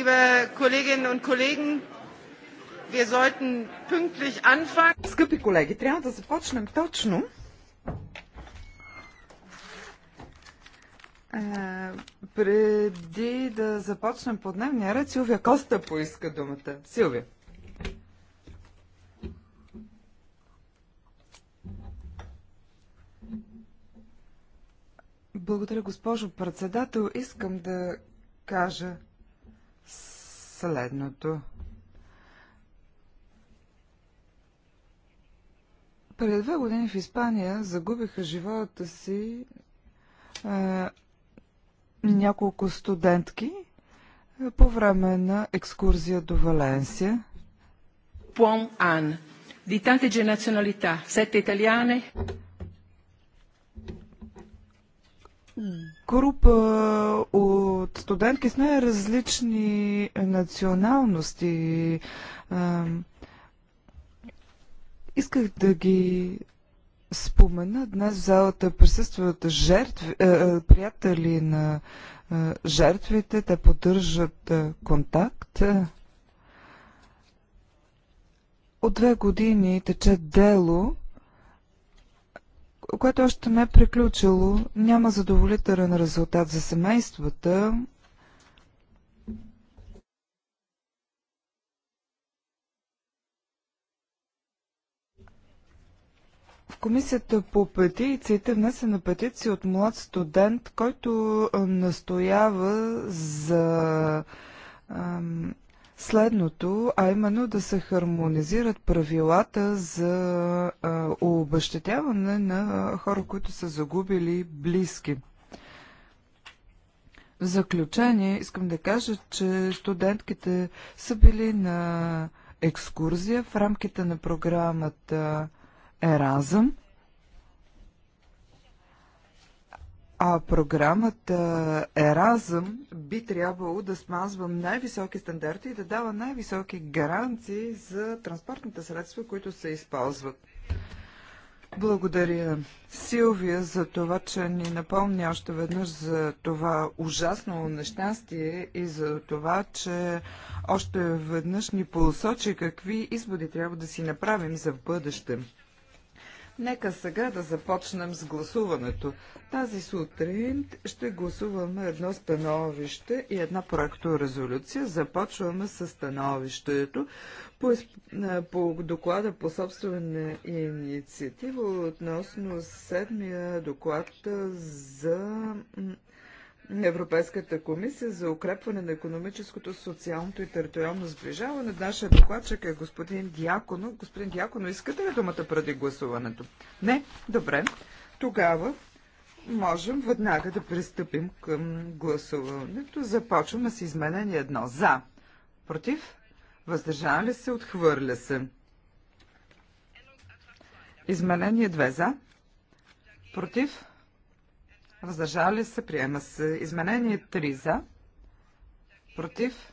liebe Kolleginnen und Kollegen, wir sollten pünktlich anfangen. Скъпи колеги, трябва да започнем точно. Е, преди да започнем по дневния ред, Силвия Коста поиска думата. Силвия. Благодаря, госпожо председател. Искам да кажа следното. Преди две години в Испания загубиха живота си е, няколко студентки е, по време на екскурзия до Валенсия. Buon Ан, Di tante generazionalità, sette italiane група от студентки с най-различни националности. Исках да ги спомена. Днес в залата присъстват жертви, е, е, приятели на е, жертвите. Те поддържат контакт. От две години тече дело което още не е приключило, няма задоволителен резултат за семействата. В комисията по петициите внесена петиция от млад студент, който настоява за следното, а именно да се хармонизират правилата за обещетяване на хора, които са загубили близки. В заключение искам да кажа, че студентките са били на екскурзия в рамките на програмата Еразъм. А програмата Еразъм би трябвало да смазва най-високи стандарти и да дава най-високи гаранции за транспортните средства, които се използват. Благодаря, Силвия, за това, че ни напомня още веднъж за това ужасно нещастие и за това, че още веднъж ни посочи какви изводи трябва да си направим за в бъдеще. Нека сега да започнем с гласуването. Тази сутрин ще гласуваме едно становище и една проекторезолюция. Започваме с становището по, по доклада по собствена инициатива относно седмия доклад за Европейската комисия за укрепване на економическото, социалното и териториално сближаване. Нашия докладчик е господин Дяконо. Господин Дяконо, искате ли думата преди гласуването? Не? Добре. Тогава можем веднага да пристъпим към гласуването. Започваме с изменение едно. За. Против? Въздържава ли се? Отхвърля се. Изменение две. за. Против? Въздържали се, приема се. Изменение 3 за. Против.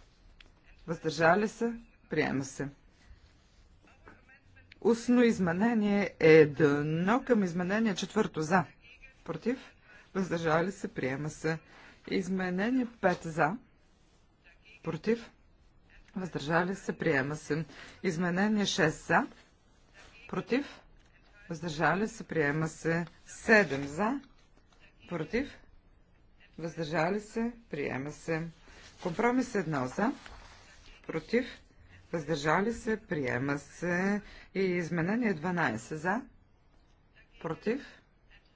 Въздържали се, приема се. Устно изменение е дъно към изменение четвърто за. Против. Въздържали се, приема се. Изменение 5 за. Против. Въздържали се, приема се. Изменение 6 за. Против. Въздържали се, приема се. 7 за против, въздържали се, приема се. Компромис 1 за, против, въздържали се, приема се. И изменение 12 за, против,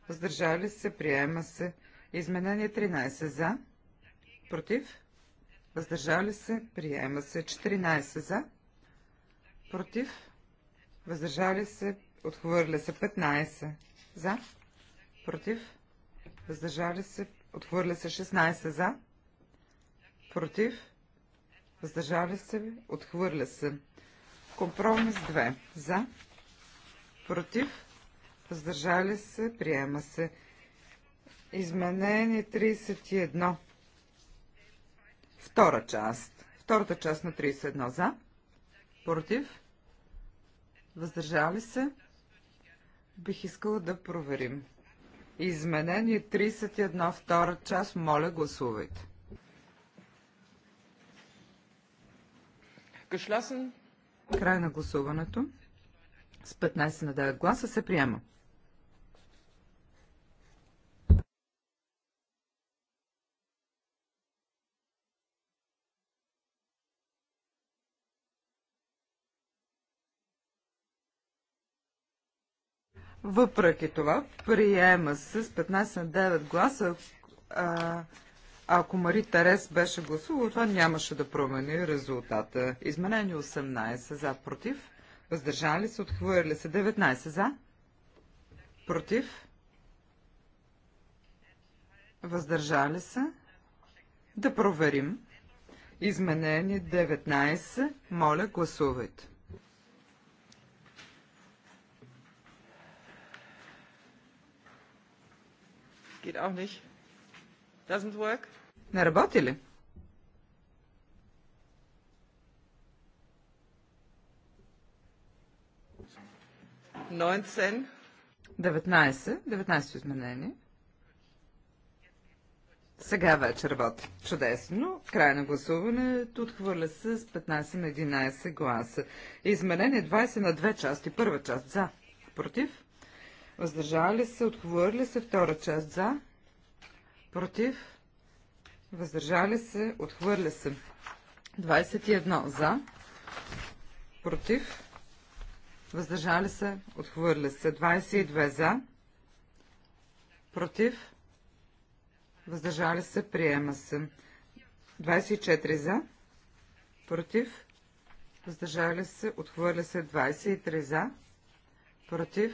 въздържали се, приема се. Изменение 13 за, против, въздържали се, приема се. 14 за, против, въздържали се, отхвърля се. 15 за, против, въздържали се, отхвърля се 16 за, против, въздържали се, отхвърля се. Компромис 2 за, против, въздържали се, приема се. Изменение 31. Втора част. Втората част на 31 за, против, въздържали се. Бих искала да проверим. Изменение 31, втора част. Моля, гласувайте. Край на гласуването. С 15 на 9 гласа се приема. Въпреки това, приема се с 15 на 9 гласа. А, ако Мари Терес беше гласувала, това нямаше да промени резултата. Изменени 18 за, против. Въздържали се, отхвърли се 19 за, против. Въздържали се. Да проверим. Изменени 19. Моля, гласувайте. Geht auch nicht. Doesn't work. Не работи ли? Neunzehn. 19. 19 изменение. Сега вече работи. Чудесно. Край на гласуването отхвърля се с 15 на 11 гласа. Изменение 20 на две части. Първа част за. Против въздържали се, отхвърли се, втора част за, против, въздържали се, отхвърля се. 21 за, против, въздържали се, отхвърля се. 22 за, против, въздържали се, приема се. 24 за, против, въздържали се, отхвърля се. 23 за, против,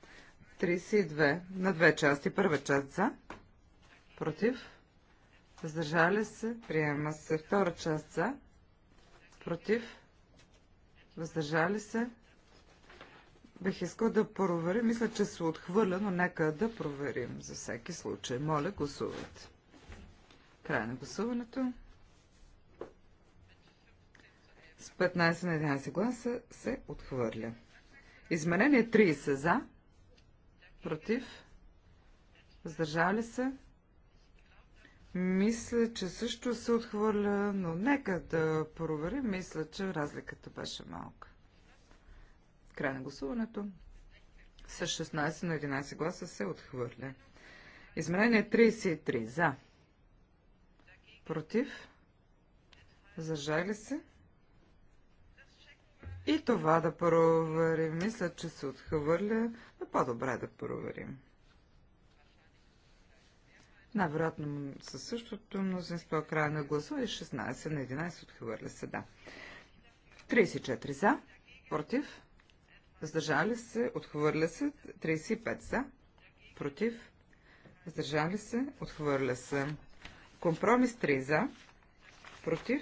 32 на две части. Първа част за, против, въздържали се, приема се. Втора част за, против, въздържали се. Бих искал да проверя. Мисля, че се отхвърля, но нека да проверим за всеки случай. Моля, гласувайте. Край на гласуването. С 15 на 11 гласа се отхвърля. Изменение 30 за, Против? Въздържали се? Мисля, че също се отхвърля, но нека да проверим. Мисля, че разликата беше малка. Край на гласуването. С 16 на 11 гласа се отхвърля. Изменение 33. За. Против. Зажали се и това да проверим. Мисля, че се отхвърля, но по-добре да проверим. Най-вероятно със същото мнозинство края на гласа и 16 на 11 отхвърля се, да. 34 за, против, въздържали се, отхвърля се, 35 за, против, въздържали се, отхвърля се. Компромис 3 за, против,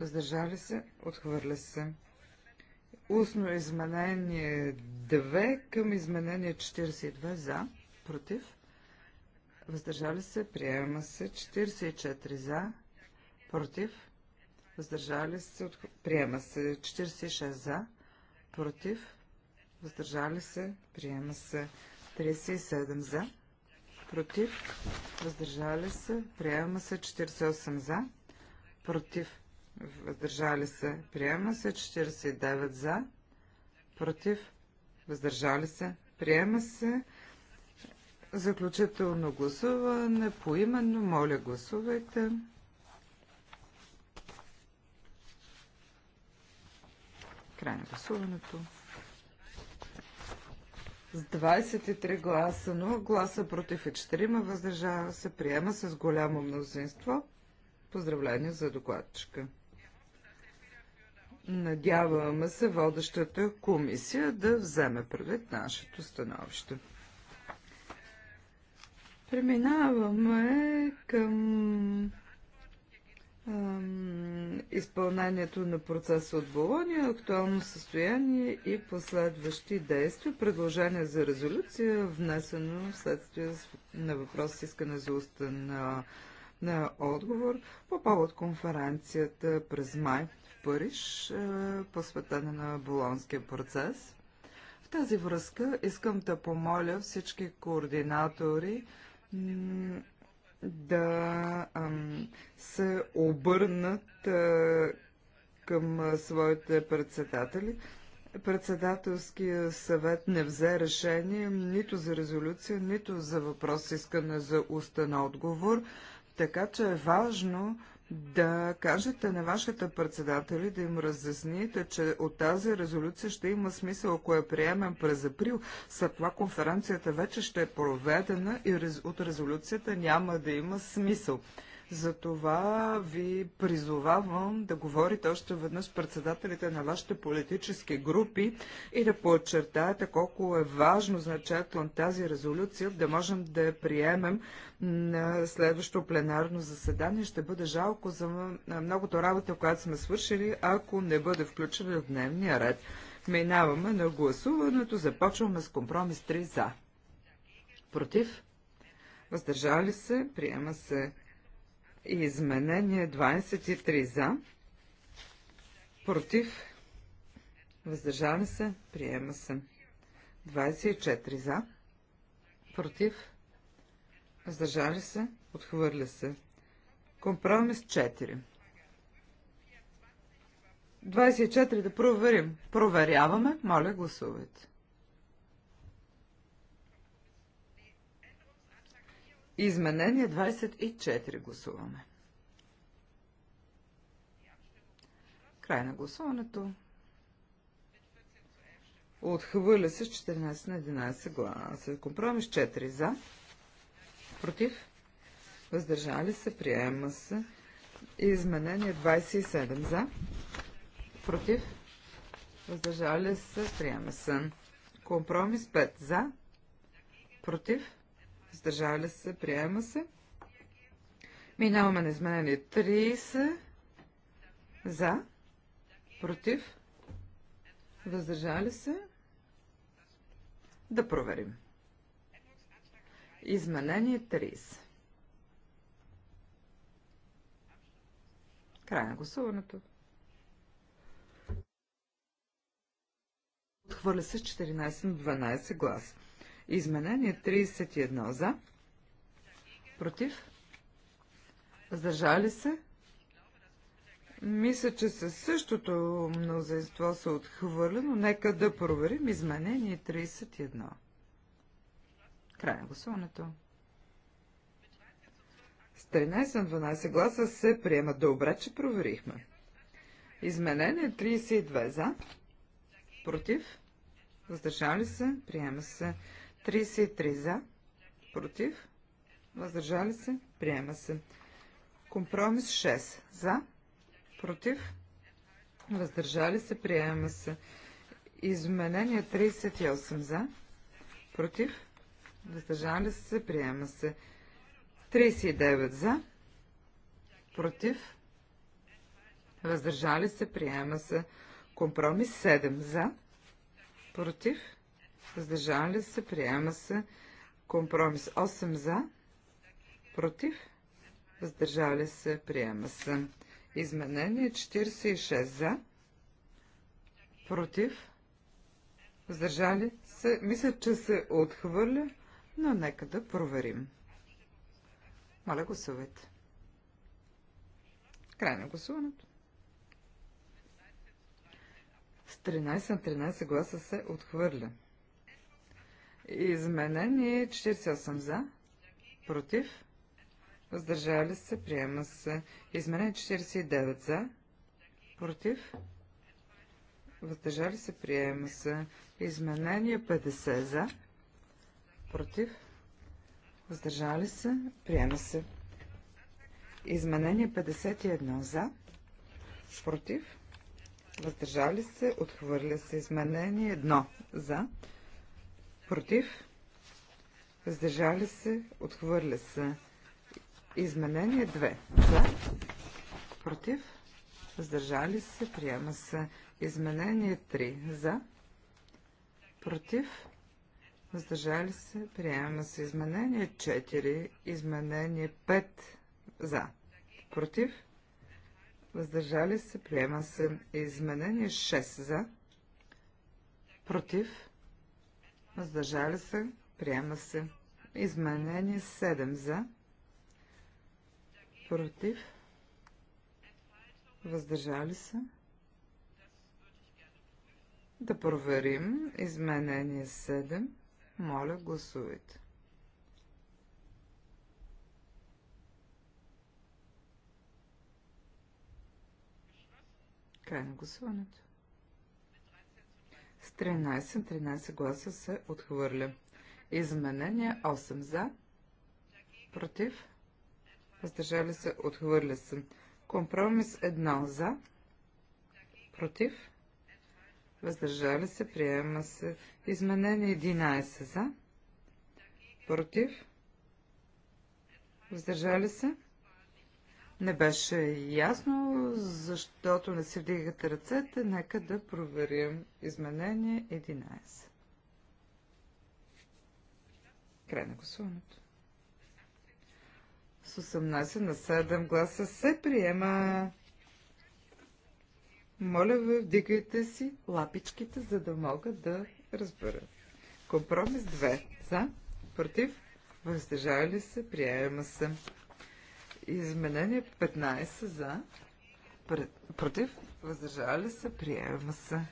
въздържали се, отхвърля се. Устно изменение 2 към изменение 42 за, против, въздържали се, приема се, 44 за, против, въздържали се, от... приема се, 46 за, против, въздържали се, приема се, 37 за, против, въздържали се, приема се, 48 за, против, въздържали се, приема се, 49 за, против, въздържали се, приема се, заключително гласуване, поименно, моля гласувайте. Край на гласуването. С 23 гласа, 0 гласа против и 4 въздържава се, приема се с голямо мнозинство. Поздравление за докладчика. Надяваме се водещата комисия да вземе предвид нашето становище. Преминаваме към изпълнението на процеса от Болония, актуално състояние и последващи действия, предложение за резолюция, внесено вследствие на въпрос с искане за уста на, на отговор по повод конференцията през май Париж, е, посветена на Болонския процес. В тази връзка искам да помоля всички координатори да се обърнат е, към своите председатели. Председателския съвет не взе решение нито за резолюция, нито за въпрос искане за устен отговор, така че е важно да кажете на вашите председатели, да им разясните, че от тази резолюция ще има смисъл, ако я приемем през април, след това конференцията вече ще е проведена и от резолюцията няма да има смисъл. Затова ви призовавам да говорите още веднъж с председателите на вашите политически групи и да подчертаете колко е важно значително тази резолюция, да можем да я приемем на следващото пленарно заседание. Ще бъде жалко за многото работа, която сме свършили, ако не бъде включена в дневния ред. Минаваме на гласуването. Започваме с компромис 3 за. Против? Въздържали се? Приема се. Изменение 23 за. Против. Въздържали се. Приема се. 24 за. Против. Въздържали се. Отхвърля се. Компромис 4. 24 да проверим. Проверяваме. Моля, гласувайте. Изменение 24 гласуваме. Край на гласуването. Отхвърля се 14 на 11 гласа. Компромис 4 за. Против. Въздържали се. Приема се. Изменение 27 за. Против. Въздържали се. Приема се. Компромис 5 за. Против. Сдържали се, приема се. Минаваме на изменение 30. За. Против. Въздържали се. Да проверим. Изменение 30. Край на гласуването. Отхвърля се с 14 на 12 гласа. Изменение 31 за. Против. Въздържали се. Мисля, че със същото мнозинство се отхвърля, но нека да проверим изменение 31. Край на гласуването. С 13 на 12 гласа се приема. Добре, че проверихме. Изменение 32 за. Против. Въздържали се. Приема се. 33 за, против, въздържали се, приема се. Компромис 6 за, против, въздържали се, приема се. Изменение 38 за, против, въздържали се, приема се. 39 за, против, въздържали се, приема се. Компромис 7 за, против, въздържали се, приема се. Компромис 8 за, против, въздържали се, приема се. Изменение 46 за, против, въздържали се. Мисля, че се отхвърля, но нека да проверим. Моля, гласувайте. Край на гласуването. С 13 на 13 гласа се отхвърля и 48 за, против, въздържали се, приема се. Изменен 49 за, против, въздържали се, приема се. Изменение 50 за, против, въздържали се, приема се. Изменение 51 за, против, въздържали се, отхвърля се. Изменение 1 за, против, против, въздържали се, отхвърля се. Изменение 2. За, против, въздържали се, приема се. Изменение 3. За, против, въздържали се, приема се. Изменение 4. Изменение 5. За, против, въздържали се, приема се. Изменение 6. За, против, въздържали се, приема се. Изменение 7 за, против, въздържали се. Да проверим изменение 7. Моля, гласувайте. Край на гласуването. С 13, 13 гласа се отхвърля. Изменение 8 за, против, въздържали се, отхвърля се. Компромис 1 за, против, въздържали се, приема се. Изменение 11 за, против, въздържали се не беше ясно, защото не се вдигате ръцете. Нека да проверим изменение 11. Край на гласуването. С 18 на 7 гласа се приема. Моля ви, вдигайте си лапичките, за да мога да разбера. Компромис 2. За, против, въздържали се, приема се. Изменение 15 за. Против. Въздържали се. Приема се.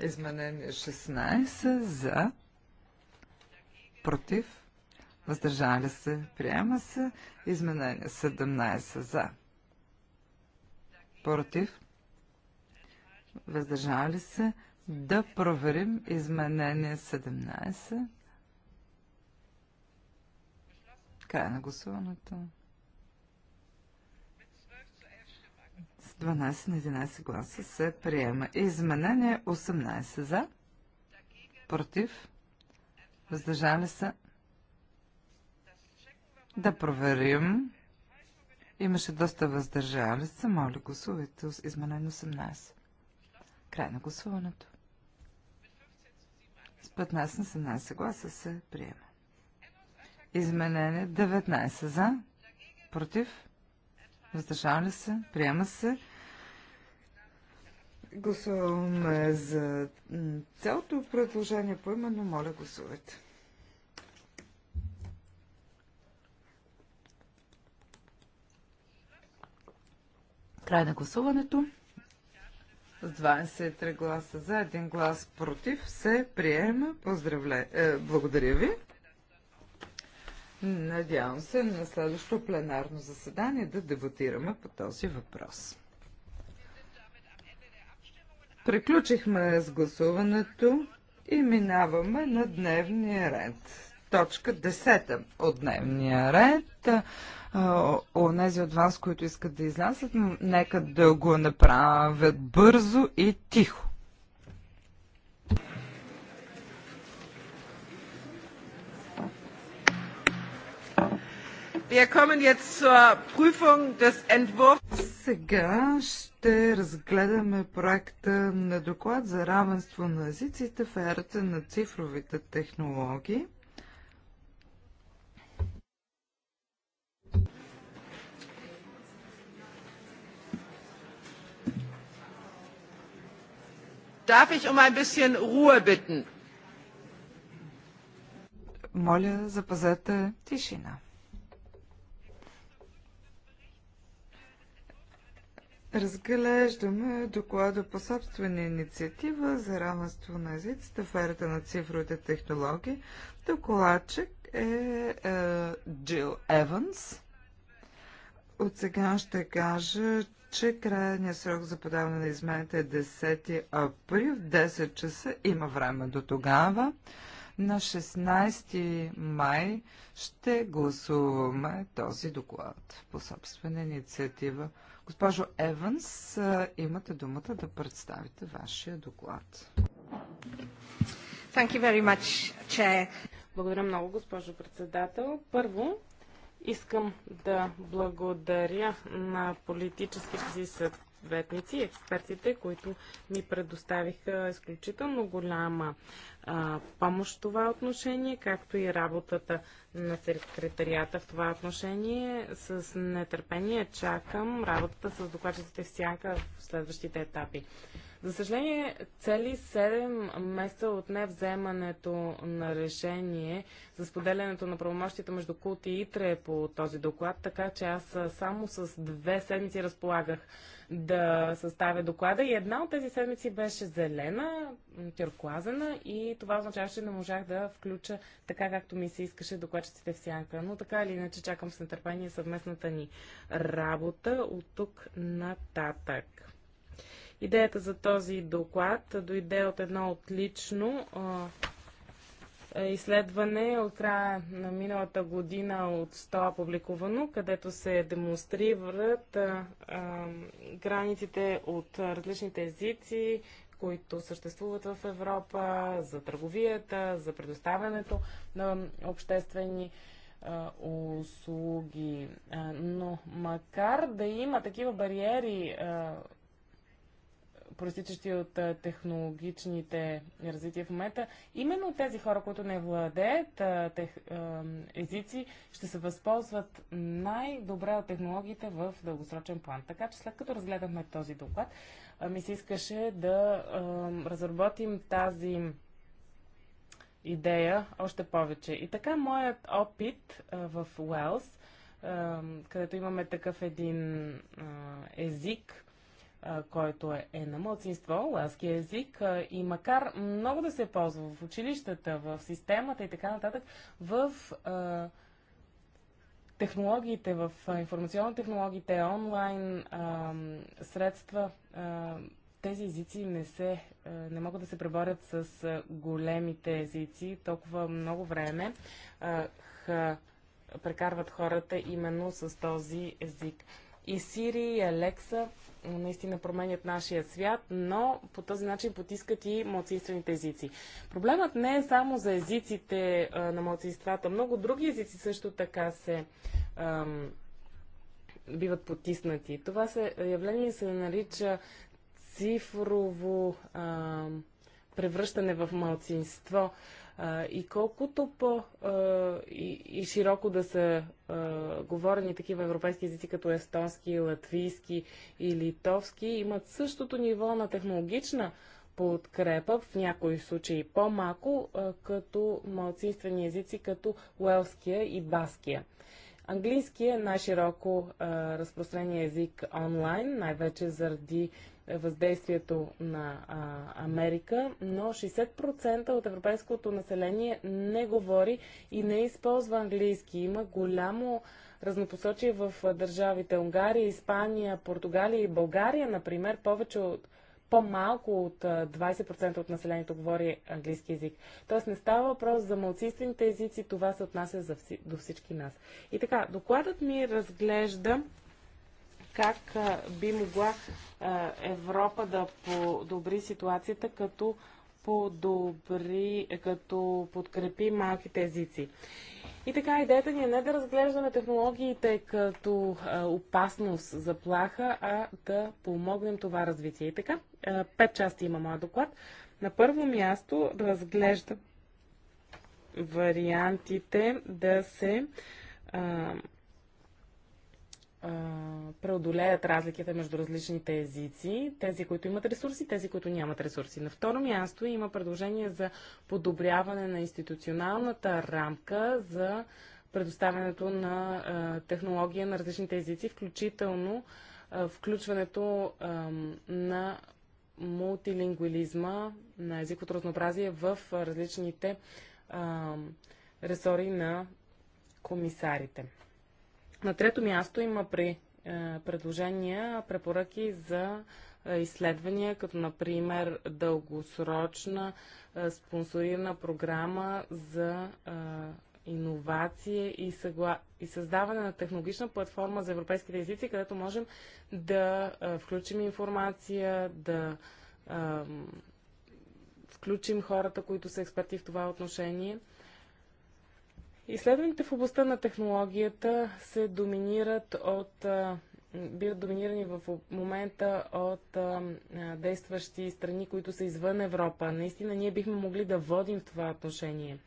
Изменение 16 за. Против. Въздържали се. Приема се. Изменение 17 за. Против. Въздържали се. Да проверим изменение 17. Край на гласуването. 12 на 11 гласа се приема. Изменение 18 за, против, въздържали се. Да проверим. Имаше доста въздържали се. Моля, гласувайте изменение 18. Край на гласуването. С 15 на 17 гласа се приема. Изменение 19 за, против, въздържали се, приема се. Гласуваме за цялото предложение по именно. Моля, гласувайте. Край на гласуването. С 23 гласа за, един глас против се приема. Поздравле... Е, благодаря ви. Надявам се на следващото пленарно заседание да дебатираме по този въпрос. Приключихме с гласуването и минаваме на дневния ред. Точка 10 от дневния ред. Онези от вас, които искат да излязат, нека да го направят бързо и тихо. Сега ще разгледаме проекта на доклад за равенство на езиците в ерата на цифровите технологии. Darf ich um ein bisschen Ruhe bitten? Моля, запазете тишина. Разглеждаме доклада по собствена инициатива за равенство на езиците в ерата на цифровите технологии. Докладчик е, е Джил Еванс. От сега ще кажа, че крайният срок за подаване на измените е 10 април в 10 часа. Има време до тогава. На 16 май ще гласуваме този доклад по собствена инициатива. Госпожо Еванс, имате думата да представите вашия доклад. Thank you very much, Chair. Благодаря много, госпожо председател. Първо, искам да благодаря на политическите си съветници и експертите, които ми предоставиха изключително голяма а, помощ в това отношение, както и работата на секретарията в това отношение. С нетърпение чакам работата с докладчиците сянка в следващите етапи. За съжаление, цели 7 месеца не вземането на решение за споделянето на правомощите между култи и ИТРЕ по този доклад, така че аз само с две седмици разполагах да съставя доклада и една от тези седмици беше зелена, тюркуазена и това означаваше, че не можах да включа така както ми се искаше докладчиците в сянка. Но така или иначе чакам с нетърпение съвместната ни работа от тук нататък. Идеята за този доклад дойде от едно отлично е, изследване от края на миналата година от 100 публикувано, където се демонстрират границите от различните езици, които съществуват в Европа, за търговията, за предоставянето на обществени услуги. Но макар да има такива бариери проистичащи от технологичните развития в момента, именно тези хора, които не владеят тех, езици, ще се възползват най-добре от технологиите в дългосрочен план. Така че след като разгледахме този доклад, ми се искаше да разработим тази идея още повече. И така моят опит в Уелс, където имаме такъв един език, който е, е на младсинство, ласки език, и макар много да се ползва в училищата, в системата и така нататък, в а, технологиите, в информационни технологиите, онлайн а, средства, а, тези езици не, се, не могат да се преборят с големите езици толкова много време. прекарват хората именно с този език. И Сири, и Алекса наистина променят нашия свят, но по този начин потискат и младсинствените езици. Проблемът не е само за езиците а, на младсинствата. Много други езици също така се ам, биват потиснати. Това се, явление се нарича цифрово ам, превръщане в малцинство и колкото по-широко да са говорени такива европейски езици, като естонски, латвийски и литовски, имат същото ниво на технологична подкрепа, в някои случаи по-малко, като малцинствени езици, като уелския и баския. Английски е най-широко разпространен език онлайн, най-вече заради въздействието на а, Америка, но 60% от европейското население не говори и не използва английски. Има голямо разнопосочие в държавите Унгария, Испания, Португалия и България, например, повече от по-малко от 20% от населението говори английски язик. Тоест не става въпрос за малцинствените езици, това се отнася за, до всички нас. И така, докладът ми разглежда как би могла Европа да подобри ситуацията, като подобри, като подкрепи малките езици. И така, идеята ни е не да разглеждаме технологиите като опасност, заплаха, а да помогнем това развитие. И така, пет части има моят доклад. На първо място разглежда вариантите да се а, преодолеят разликите между различните езици, тези, които имат ресурси, тези, които нямат ресурси. На второ място има предложение за подобряване на институционалната рамка за предоставянето на а, технология на различните езици, включително а, включването а, на мултилингвилизма, на езиковото разнообразие в различните ресори на комисарите. На трето място има при е, предложения, препоръки за е, изследвания, като например дългосрочна е, спонсорирана програма за иновация и, съгла... и създаване на технологична платформа за европейските езици, където можем да включим информация, да включим хората, които са експерти в това отношение. Изследваните в областта на технологията се доминират от биват доминирани в момента от а, действащи страни, които са извън Европа. Наистина ние бихме могли да водим в това отношение.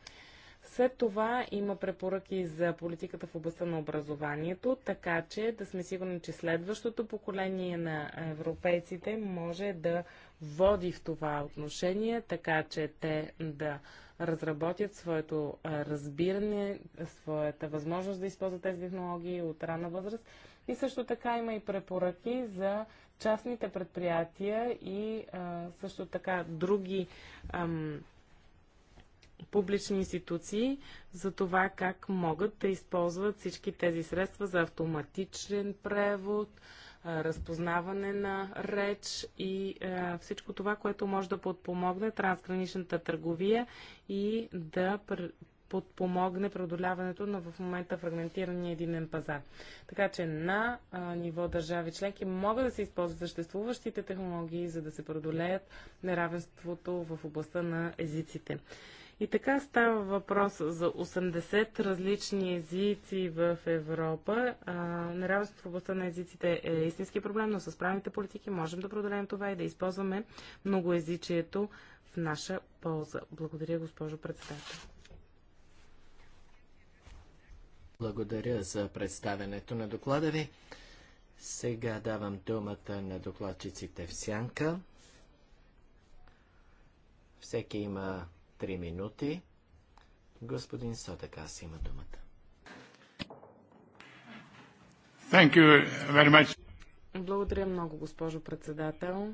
След това има препоръки за политиката в областта на образованието, така че да сме сигурни, че следващото поколение на европейците може да води в това отношение, така че те да разработят своето разбиране, своята възможност да използват тези технологии от рана възраст. И също така има и препоръки за частните предприятия и а, също така други ам, публични институции за това как могат да използват всички тези средства за автоматичен превод, разпознаване на реч и всичко това, което може да подпомогне трансграничната търговия и да подпомогне преодоляването на в момента фрагментирания единен пазар. Така че на а, ниво държави членки могат да се използват съществуващите технологии, за да се преодолеят неравенството в областта на езиците. И така става въпрос за 80 различни езици в Европа. Неравенството в областта на езиците е истински проблем, но с правните политики можем да продолеем това и да използваме многоезичието в наша полза. Благодаря, госпожо председател. Благодаря за представенето на доклада ви. Сега давам думата на докладчиците в сянка. Всеки има Три минути. Господин Сотък, аз има думата. Thank you very much. Благодаря много, госпожо председател.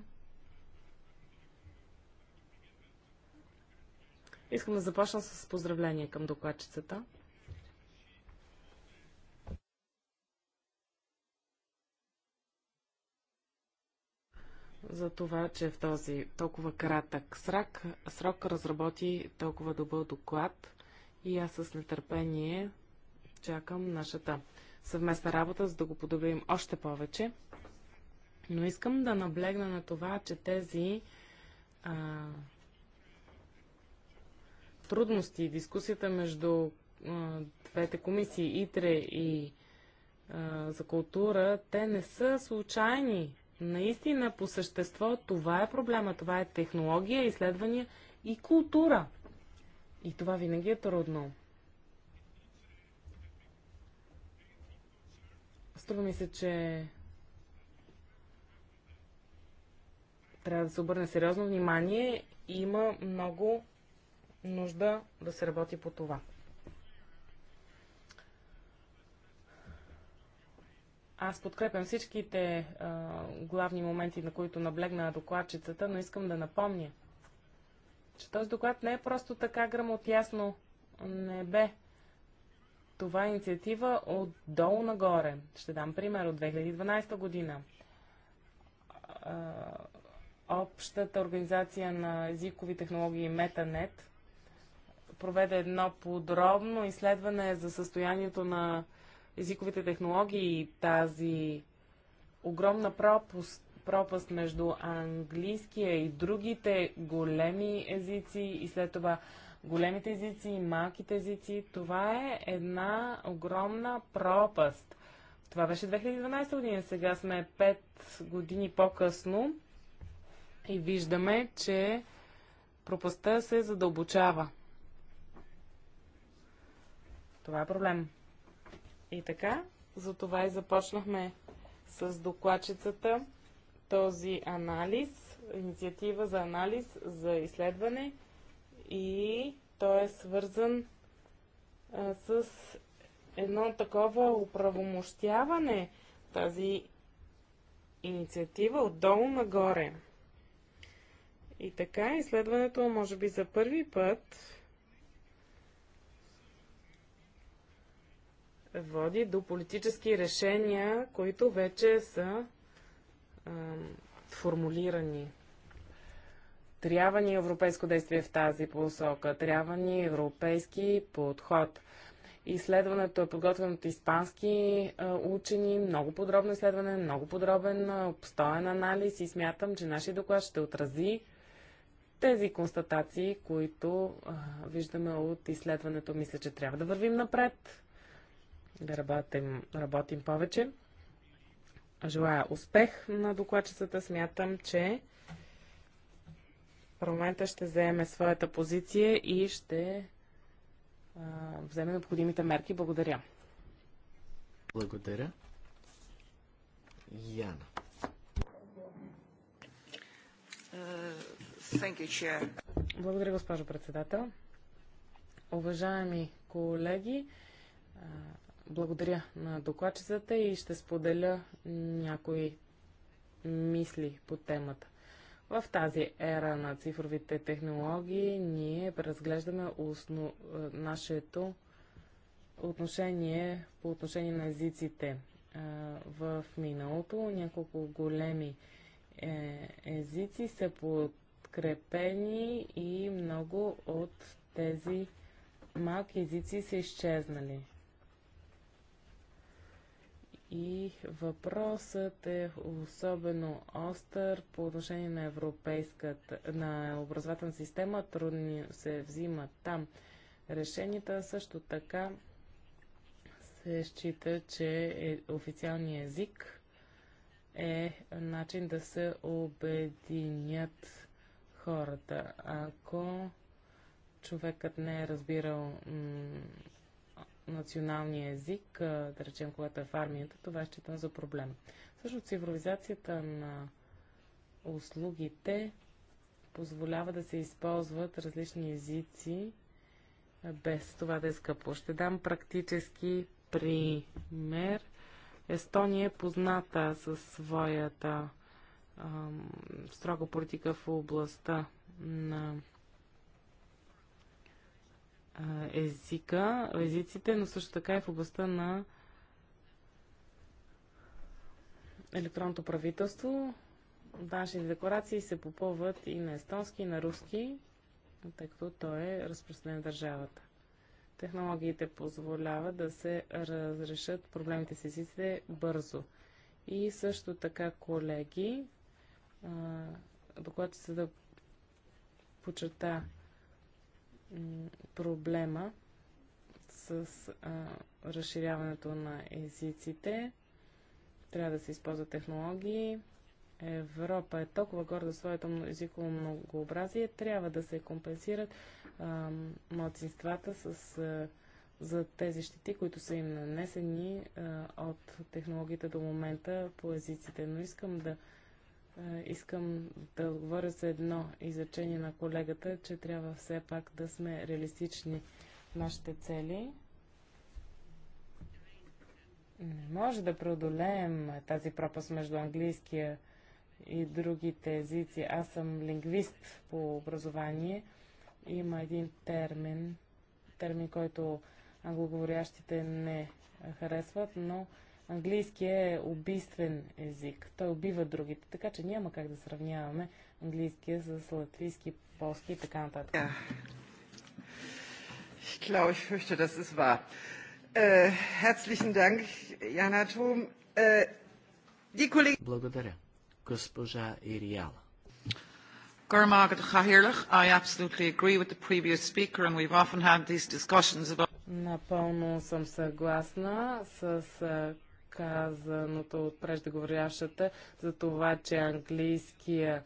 Искам да започна с поздравление към докладчицата. за това, че в този толкова кратък срок, срок разработи толкова добър доклад и аз с нетърпение чакам нашата съвместна работа, за да го подобрим още повече. Но искам да наблегна на това, че тези а, трудности, дискусията между а, двете комисии, ИТРЕ и а, за култура, те не са случайни Наистина, по същество, това е проблема. Това е технология, изследвания и култура. И това винаги е трудно. Струва ми се, че трябва да се обърне сериозно внимание и има много нужда да се работи по това. Аз подкрепям всичките а, главни моменти, на които наблегна докладчицата, но искам да напомня, че този доклад не е просто така грамот ясно небе. Това е инициатива отдолу нагоре. Ще дам пример от 2012 година. А, общата организация на езикови технологии Метанет проведе едно подробно изследване за състоянието на езиковите технологии и тази огромна пропуст, пропаст между английския и другите големи езици и след това големите езици и малките езици. Това е една огромна пропаст. Това беше 2012 година, сега сме 5 години по-късно и виждаме, че пропастта се задълбочава. Това е проблем. И така, за това и започнахме с докладчицата този анализ, инициатива за анализ, за изследване и той е свързан а, с едно такова управомощяване, тази инициатива отдолу нагоре. И така, изследването може би за първи път води до политически решения, които вече са а, формулирани. Трябва ни европейско действие в тази посока. Трябва ни европейски подход. Изследването е подготвено от испански учени, много подробно изследване, много подробен, обстоен анализ и смятам, че нашия доклад ще отрази тези констатации, които а, виждаме от изследването. Мисля, че трябва да вървим напред да работим, работим повече. Желая успех на докладчицата. Смятам, че парламента ще вземе своята позиция и ще а, вземе необходимите мерки. Благодаря. Благодаря. Яна. Uh, Благодаря, госпожо председател. Уважаеми колеги, благодаря на докладчицата и ще споделя някои мисли по темата. В тази ера на цифровите технологии ние разглеждаме основ... Е, нашето отношение по отношение на езиците. Е, в миналото няколко големи е, езици са подкрепени и много от тези малки езици са изчезнали. И въпросът е особено остър по отношение на европейската, на образователна система. Трудно се взимат там решенията. Също така се счита, че е, официалният език е начин да се обединят хората. Ако човекът не е разбирал националния език, да речем, когато е в армията, това считам е за проблем. Също цифровизацията на услугите позволява да се използват различни езици, без това да е скъпо. Ще дам практически пример. Естония е позната със своята ам, строга политика в областта на езика, езиците, но също така и в областта на електронното правителство. Данъчните декларации се попълват и на естонски, и на руски, тъй като той е разпространен в държавата. Технологиите позволяват да се разрешат проблемите с езиците бързо. И също така, колеги, се да почерта проблема с а, разширяването на езиците. Трябва да се използват технологии. Европа е толкова горда своето езиково многообразие. Трябва да се компенсират а, младсинствата с, а, за тези щети, които са им нанесени а, от технологията до момента по езиците. Но искам да е, искам да отговоря с едно изречение на колегата, че трябва все пак да сме реалистични в нашите цели. Не може да преодолеем тази пропаст между английския и другите езици. Аз съм лингвист по образование. Има един термин, термин, който англоговорящите не харесват, но Английски е убийствен език. Той убива другите, така че няма как да сравняваме английския с латвийски, полски и така нататък. Yeah. Ich glaube, ich fürchte, das ist wahr. Äh, herzlichen Dank, Jana Thum. Äh, die Kollegin... Благодаря. Госпожа Ириала. Напълно съм съгласна с казаното от преждеговорящата за това, че английския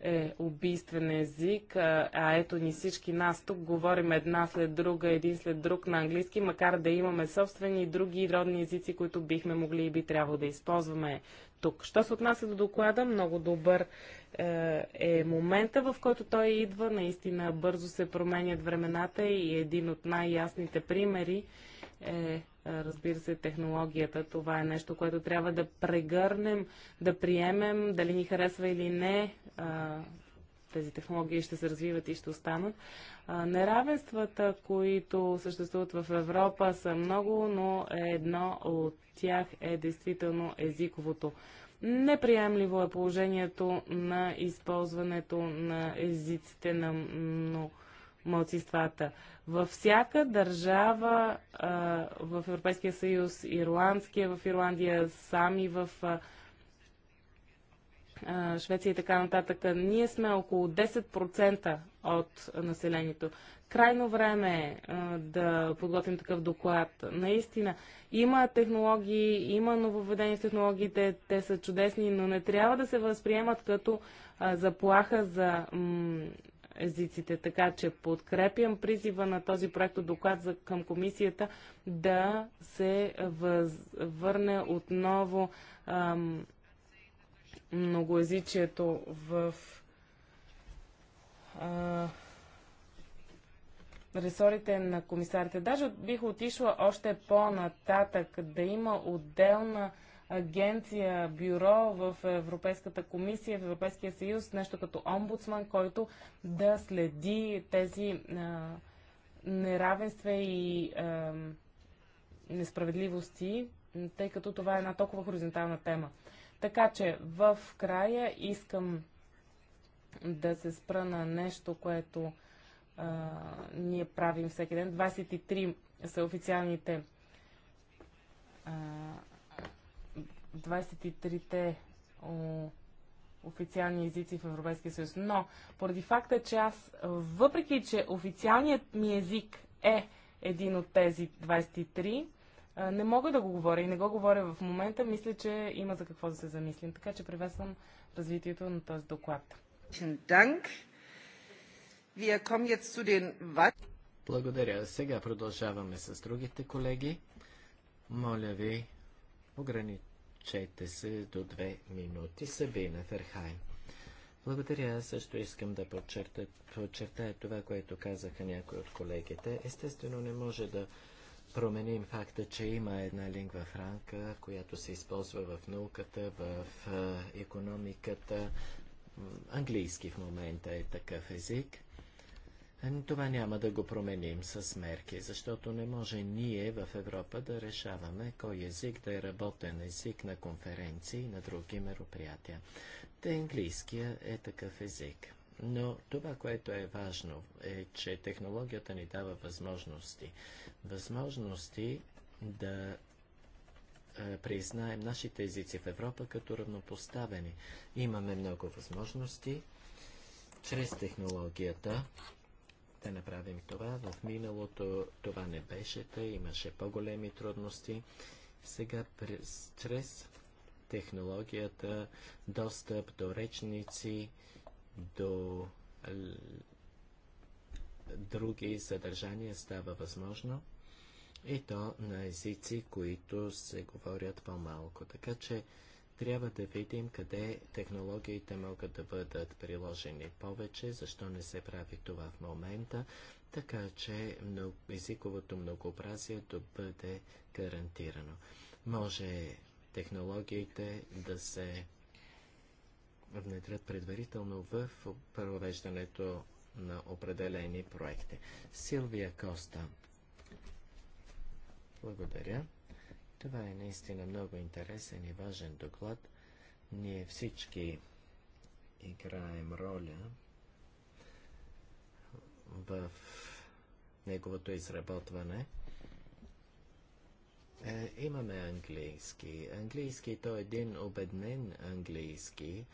е убийствен език, а, ето ни всички нас тук говорим една след друга, един след друг на английски, макар да имаме собствени и други родни езици, които бихме могли и би трябвало да използваме тук. Що се отнася до доклада, много добър е, е момента, в който той идва. Наистина бързо се променят времената и един от най-ясните примери е разбира се, технологията. Това е нещо, което трябва да прегърнем, да приемем, дали ни харесва или не. Тези технологии ще се развиват и ще останат. Неравенствата, които съществуват в Европа, са много, но едно от тях е действително езиковото. Неприемливо е положението на използването на езиците на много младсинствата. Във всяка държава в Европейския съюз, ирландския в Ирландия, сами в Швеция и така нататък, ние сме около 10% от населението. Крайно време е да подготвим такъв доклад. Наистина, има технологии, има нововведения в технологиите, те са чудесни, но не трябва да се възприемат като заплаха за езиците. Така че подкрепям призива на този проект от доклад за, към комисията да се възвърне отново ам, многоязичието в а, ресорите на комисарите. Даже бих отишла още по-нататък да има отделна агенция, бюро в Европейската комисия, в Европейския съюз, нещо като омбудсман, който да следи тези а, неравенства и а, несправедливости, тъй като това е една толкова хоризонтална тема. Така че в края искам да се спра на нещо, което а, ние правим всеки ден. 23 са официалните а, 23-те официални езици в Европейския съюз. Но поради факта, че аз, въпреки че официалният ми език е един от тези 23, не мога да го говоря и не го говоря в момента. Мисля, че има за какво да се замислим. Така че приветствам развитието на този доклад. Благодаря. Сега продължаваме с другите колеги. Моля ви, ограничете Чете се до две минути. Сабина Ферхай. Благодаря. Аз също искам да подчертая това, което казаха някои от колегите. Естествено, не може да променим факта, че има една лингва франка, която се използва в науката, в економиката. Английски в момента е такъв език. Ами, това няма да го променим с мерки, защото не може ние в Европа да решаваме кой език да е работен език на конференции и на други мероприятия. Те английския е такъв език. Но това, което е важно, е, че технологията ни дава възможности. Възможности да е, признаем нашите езици в Европа като равнопоставени. Имаме много възможности чрез технологията да направим това. В миналото това не беше, тъй имаше по-големи трудности. Сега през, чрез технологията, достъп до речници, до други съдържания става възможно и то на езици, които се говорят по-малко. Така че трябва да видим къде технологиите могат да бъдат приложени повече, защо не се прави това в момента, така че езиковото многообразие да бъде гарантирано. Може технологиите да се внедрят предварително в провеждането на определени проекти. Силвия Коста. Благодаря. Това е наистина много интересен и важен доклад. Ние всички играем роля в неговото изработване. Е, имаме английски. Английски то е един обеднен английски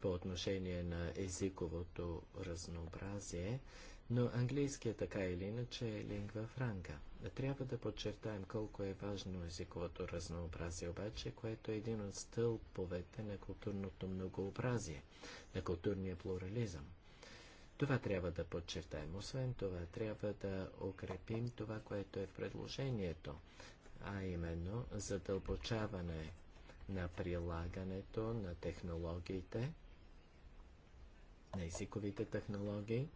по отношение на езиковото разнообразие, но английски е така или иначе е лингва франка. Трябва да подчертаем колко е важно езиковото разнообразие, обаче, което е един от стълповете на културното многообразие, на културния плурализъм. Това трябва да подчертаем. Освен това, трябва да укрепим това, което е в предложението, а именно задълбочаване на прилагането на технологиите, на езиковите технологии,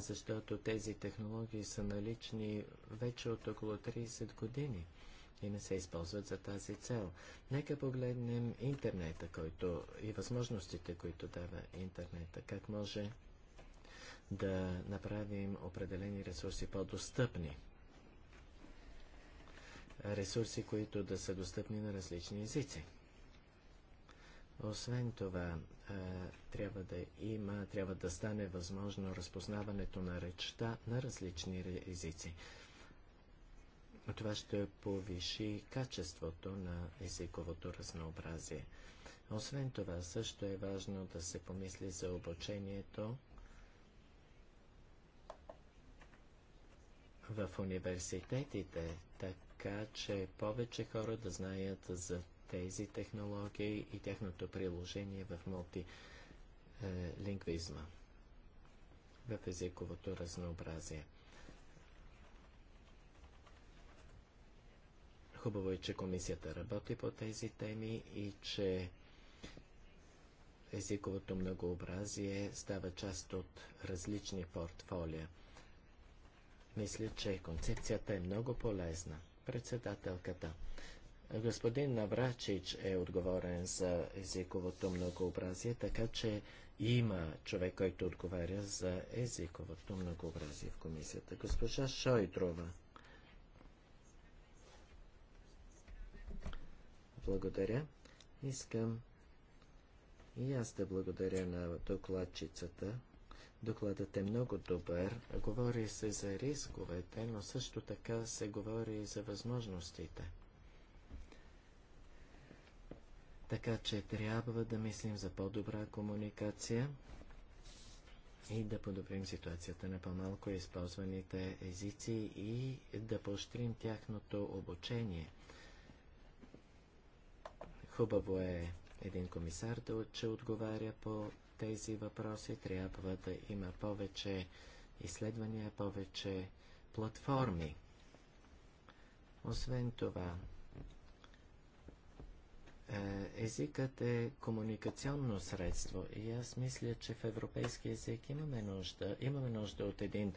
защото тези технологии са налични вече от около 30 години и не се използват за тази цел. Нека погледнем интернета който, и възможностите, които дава интернета. Как може да направим определени ресурси по-достъпни. Ресурси, които да са достъпни на различни езици. Освен това, е, трябва да има, трябва да стане възможно разпознаването на речта на различни езици. Това ще повиши качеството на езиковото разнообразие. Освен това, също е важно да се помисли за обучението в университетите, така че повече хора да знаят за тези технологии и тяхното приложение в мултилингвизма, в езиковото разнообразие. Хубаво е, че комисията работи по тези теми и че езиковото многообразие става част от различни портфолия. Мисля, че концепцията е много полезна. Председателката. Господин Наврачич е отговорен за езиковото многообразие, така че има човек, който отговаря за езиковото многообразие в комисията. Госпожа Шойдрова. Благодаря. Искам и аз да благодаря на докладчицата. Докладът е много добър. Говори се за рисковете, но също така се говори и за възможностите. Така че трябва да мислим за по-добра комуникация и да подобрим ситуацията на по-малко използваните езици и да поощрим тяхното обучение. Хубаво е един комисар да че отговаря по тези въпроси. Трябва да има повече изследвания, повече платформи. Освен това, е, езикът е комуникационно средство и аз мисля, че в европейски език имаме нужда, имаме нужда от един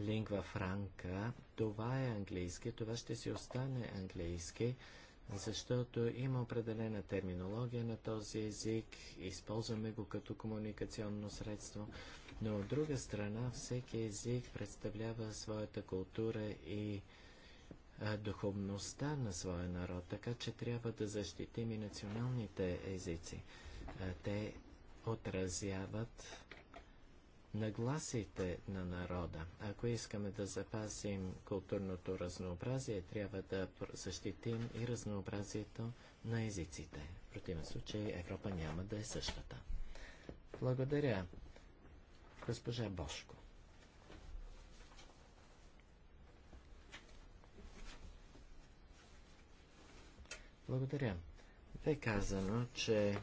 лингва франка. Това е английски, това ще си остане английски, защото има определена терминология на този език, използваме го като комуникационно средство, но от друга страна всеки език представлява своята култура и духовността на своя народ, така че трябва да защитим и националните езици. Те отразяват нагласите на народа. Ако искаме да запазим културното разнообразие, трябва да защитим и разнообразието на езиците. В противен случай Европа няма да е същата. Благодаря, госпожа Бошко. Благодаря. Бе казано, че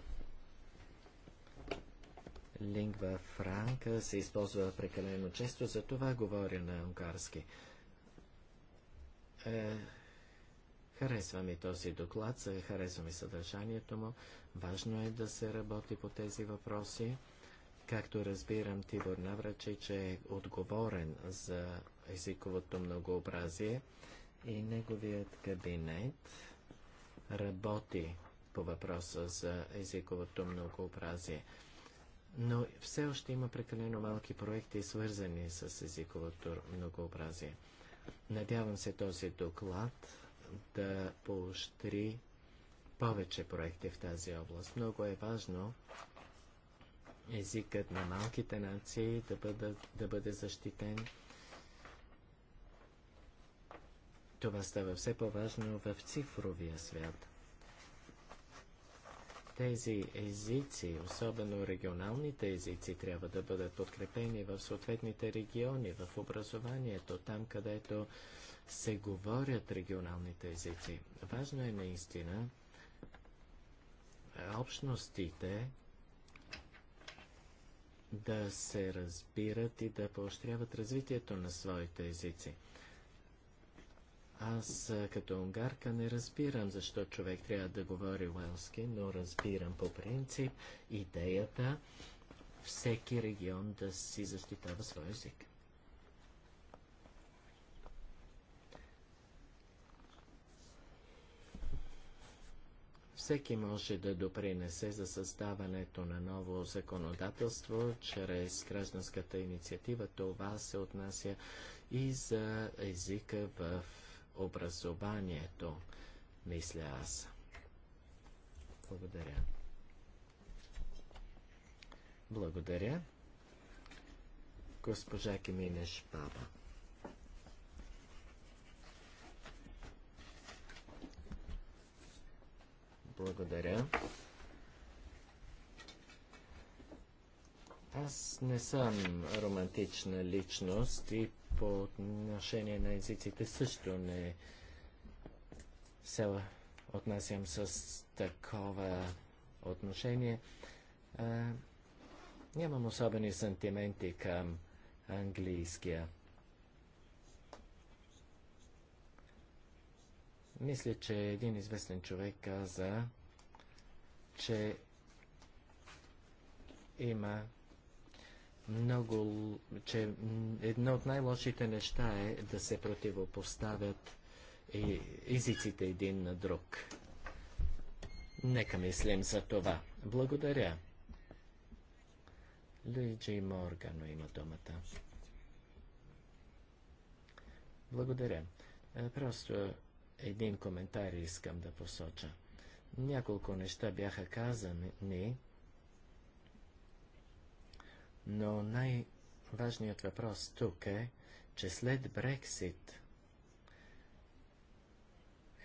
лингва франка се използва прекалено често, за това говоря на унгарски. Е, харесва ми този доклад, харесва ми съдържанието му. Важно е да се работи по тези въпроси. Както разбирам, Тибор Наврачи, че е отговорен за езиковото многообразие и неговият кабинет работи по въпроса за езиковото многообразие. Но все още има прекалено малки проекти, свързани с езиковото многообразие. Надявам се този доклад да поощри повече проекти в тази област. Много е важно езикът на малките нации да, бъде, да бъде защитен Това става все по-важно в цифровия свят. Тези езици, особено регионалните езици, трябва да бъдат подкрепени в съответните региони, в образованието, там където се говорят регионалните езици. Важно е наистина общностите да се разбират и да поощряват развитието на своите езици. Аз като унгарка не разбирам защо човек трябва да говори уелски, но разбирам по принцип идеята всеки регион да си защитава своя език. Всеки може да допринесе за създаването на ново законодателство чрез гражданската инициатива. Това се отнася и за езика в образованието, мисля аз. Благодаря. Благодаря. Госпожа Кеминеш Баба. Благодаря. Аз не съм романтична личност и по отношение на езиците също не се отнасям с такова отношение. А, нямам особени сантименти към английския. Мисля, че един известен човек каза, че има много, че едно от най-лошите неща е да се противопоставят и езиците един на друг. Нека мислим за това. Благодаря. Луиджи Моргано има думата. Благодаря. Е, просто един коментар искам да посоча. Няколко неща бяха казани, но най-важният въпрос тук е, че след Брексит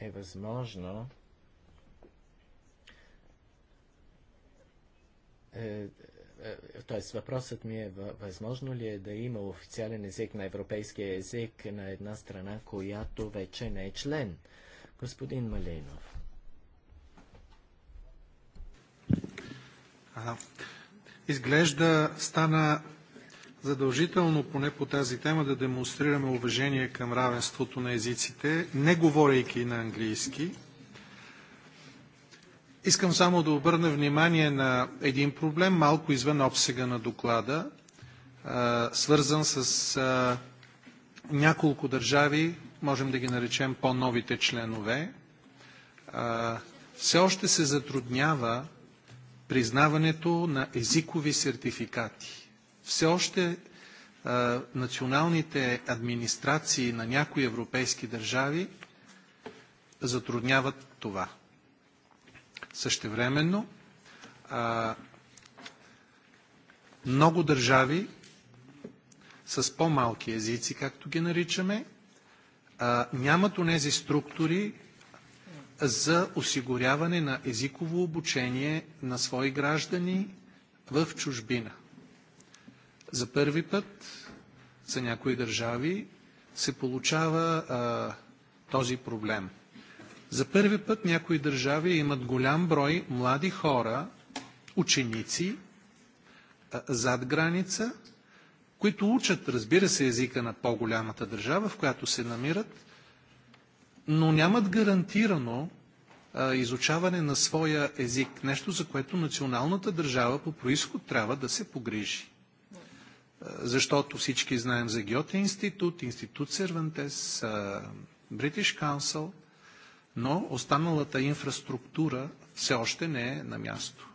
е възможно е, е, е, Тоест, т.е. въпросът ми е, възможно ли е да има официален език на европейския език на една страна, която вече не е член? Господин Малинов изглежда стана задължително поне по тази тема да демонстрираме уважение към равенството на езиците, не говорейки на английски. Искам само да обърна внимание на един проблем, малко извън обсега на доклада, свързан с няколко държави, можем да ги наречем по-новите членове. Все още се затруднява признаването на езикови сертификати. Все още а, националните администрации на някои европейски държави затрудняват това. Същевременно, а, много държави с по-малки езици, както ги наричаме, а, нямат онези структури, за осигуряване на езиково обучение на свои граждани в чужбина. За първи път за някои държави се получава а, този проблем. За първи път някои държави имат голям брой млади хора, ученици а, зад граница, които учат, разбира се, езика на по-голямата държава, в която се намират, но нямат гарантирано а, изучаване на своя език, нещо за което националната държава по происход трябва да се погрижи. защото всички знаем за Гьоте институт, институт Сервантес, Бритиш Каунсъл, но останалата инфраструктура все още не е на място.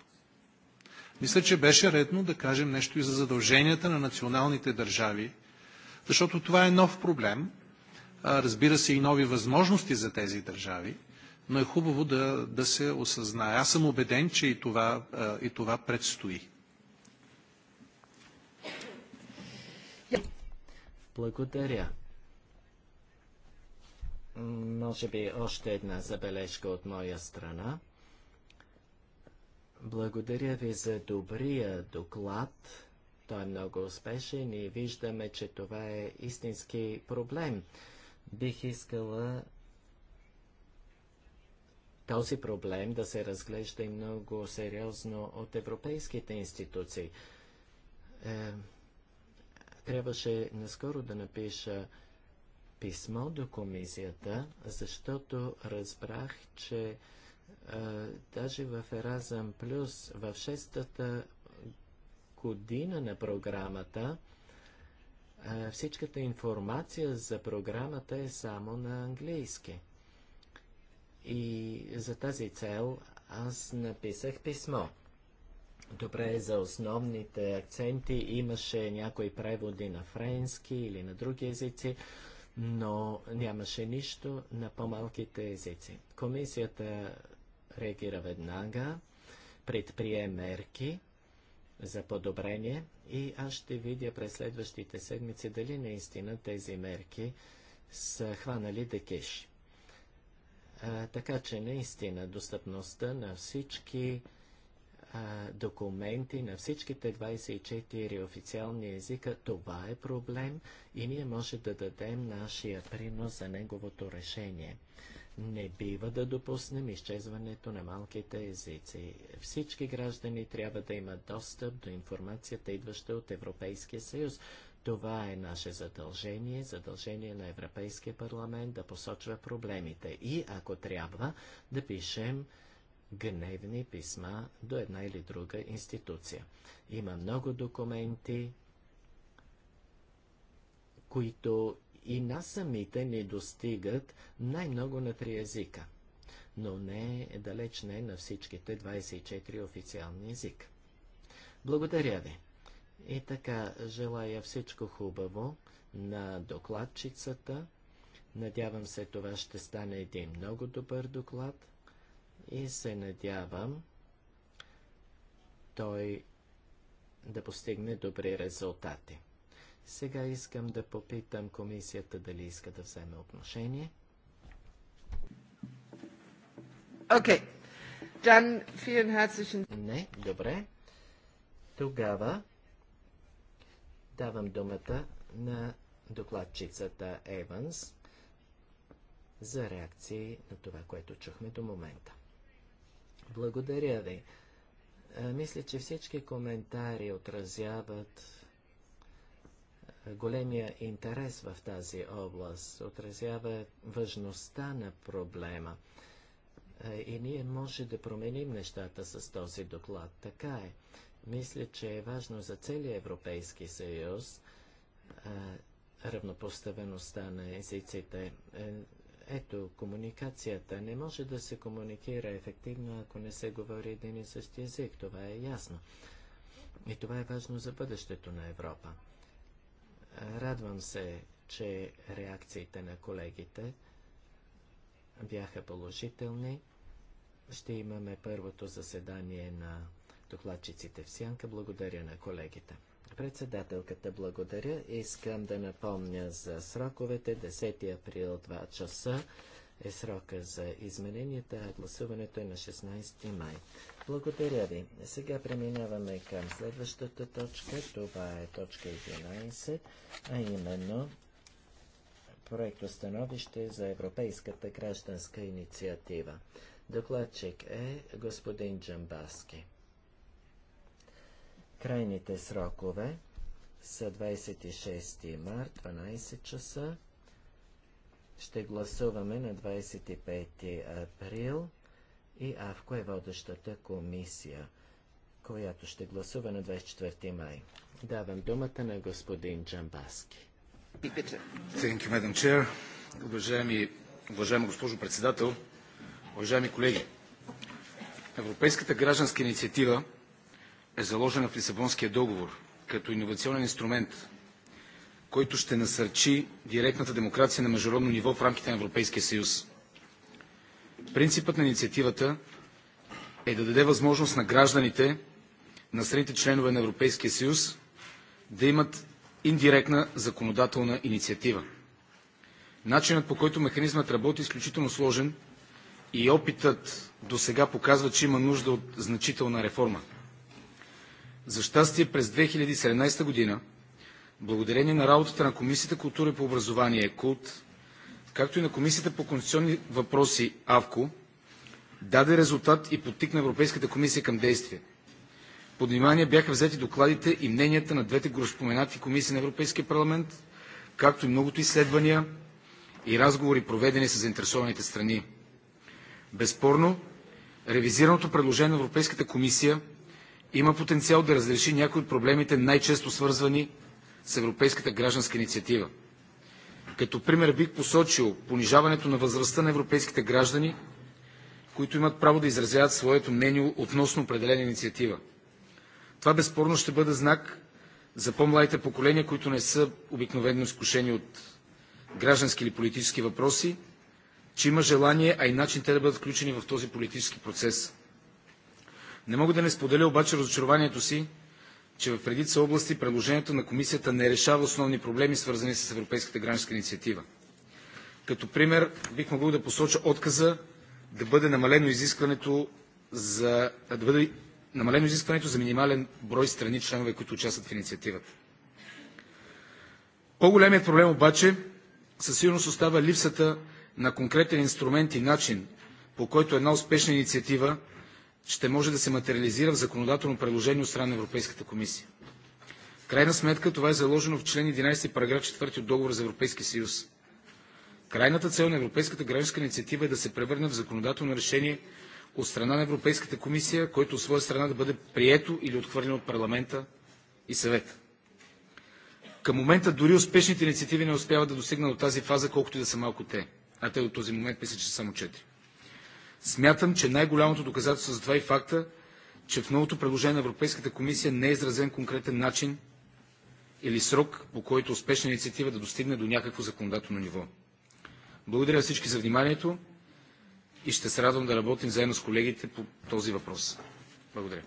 Мисля, че беше редно да кажем нещо и за задълженията на националните държави, защото това е нов проблем – разбира се, и нови възможности за тези държави, но е хубаво да, да се осъзнае. Аз съм убеден, че и това, и това предстои. Благодаря. Може би още една забележка от моя страна. Благодаря ви за добрия доклад. Той е много успешен и виждаме, че това е истински проблем. Бих искала този проблем да се разглежда и много сериозно от европейските институции. Е, трябваше наскоро да напиша писмо до комисията, защото разбрах, че е, даже в Еразъм Плюс, в шестата година на програмата, всичката информация за програмата е само на английски. И за тази цел аз написах писмо. Добре, за основните акценти имаше някои преводи на френски или на други езици, но нямаше нищо на по-малките езици. Комисията реагира веднага, предприе мерки за подобрение и аз ще видя през следващите седмици дали наистина тези мерки са хванали декеш. А, така че наистина достъпността на всички а, документи, на всичките 24 официални езика, това е проблем и ние може да дадем нашия принос за неговото решение не бива да допуснем изчезването на малките езици. Всички граждани трябва да имат достъп до информацията, идваща от Европейския съюз. Това е наше задължение, задължение на Европейския парламент да посочва проблемите и, ако трябва, да пишем гневни писма до една или друга институция. Има много документи, които и нас самите ни достигат най-много на три езика, но не далеч не на всичките 24 официални езика. Благодаря ви! И така, желая всичко хубаво на докладчицата. Надявам се, това ще стане един много добър доклад и се надявам той да постигне добри резултати. Сега искам да попитам комисията дали иска да вземе отношение. Окей. Okay. herzlichen... Не, добре. Тогава давам думата на докладчицата Еванс за реакции на това, което чухме до момента. Благодаря ви. Е, мисля, че всички коментари отразяват големия интерес в тази област, отразява важността на проблема. Е, и ние може да променим нещата с този доклад. Така е. Мисля, че е важно за целия Европейски съюз е, равнопоставеността на езиците. Е, ето, комуникацията не може да се комуникира ефективно, ако не се говори един и същи език. Това е ясно. И това е важно за бъдещето на Европа. Радвам се, че реакциите на колегите бяха положителни. Ще имаме първото заседание на докладчиците в Сянка. Благодаря на колегите. Председателката благодаря. Искам да напомня за сроковете. 10 април 2 часа е срока за измененията, а гласуването е на 16 май. Благодаря ви. Сега преминаваме към следващата точка. Това е точка 11, а именно становище за Европейската гражданска инициатива. Докладчик е господин Джамбаски. Крайните срокове са 26 март, 12 часа. Ще гласуваме на 25 април и АВКО е водещата комисия, която ще гласува на 24 май. Давам думата на господин Джамбаски. Thank you, Madam Chair. Уважаеми, уважаема госпожо председател, уважаеми колеги, Европейската гражданска инициатива е заложена в Лисабонския договор като иновационен инструмент, който ще насърчи директната демокрация на международно ниво в рамките на Европейския съюз. Принципът на инициативата е да даде възможност на гражданите на страните членове на Европейския съюз да имат индиректна законодателна инициатива. Начинът по който механизмът работи е изключително сложен и опитът до сега показва, че има нужда от значителна реформа. За щастие през 2017 година, благодарение на работата на Комисията култура и по образование, КУЛТ, както и на Комисията по конституционни въпроси АВКО, даде резултат и подтикна Европейската комисия към действие. Под внимание бяха взети докладите и мненията на двете гороспоменати комисии на Европейския парламент, както и многото изследвания и разговори, проведени с заинтересованите страни. Безспорно, ревизираното предложение на Европейската комисия има потенциал да разреши някои от проблемите, най-често свързвани с Европейската гражданска инициатива. Като пример бих посочил понижаването на възрастта на европейските граждани, които имат право да изразяват своето мнение относно определена инициатива. Това безспорно ще бъде знак за по-младите поколения, които не са обикновено изкушени от граждански или политически въпроси, че има желание, а и начин те да бъдат включени в този политически процес. Не мога да не споделя обаче разочарованието си, че в редица области предложението на комисията не решава основни проблеми, свързани с Европейската гражданска инициатива. Като пример бих могъл да посоча отказа да бъде намалено изискването за, да бъде намалено изискването за минимален брой страни членове, които участват в инициативата. По-големият проблем обаче със сигурност остава липсата на конкретен инструмент и начин, по който една успешна инициатива ще може да се материализира в законодателно предложение от страна на Европейската комисия. В крайна сметка това е заложено в член 11, параграф 4 от Договора за Европейския съюз. Крайната цел на Европейската гражданска инициатива е да се превърне в законодателно решение от страна на Европейската комисия, което от своя страна да бъде прието или отхвърлено от парламента и съвета. Към момента дори успешните инициативи не успяват да достигнат до тази фаза, колкото и да са малко те. А те до този момент мисля, че са само четири. Смятам, че най-голямото доказателство за това е факта, че в новото предложение на Европейската комисия не е изразен конкретен начин или срок, по който успешна инициатива да достигне до някакво законодателно ниво. Благодаря всички за вниманието и ще се радвам да работим заедно с колегите по този въпрос. Благодаря.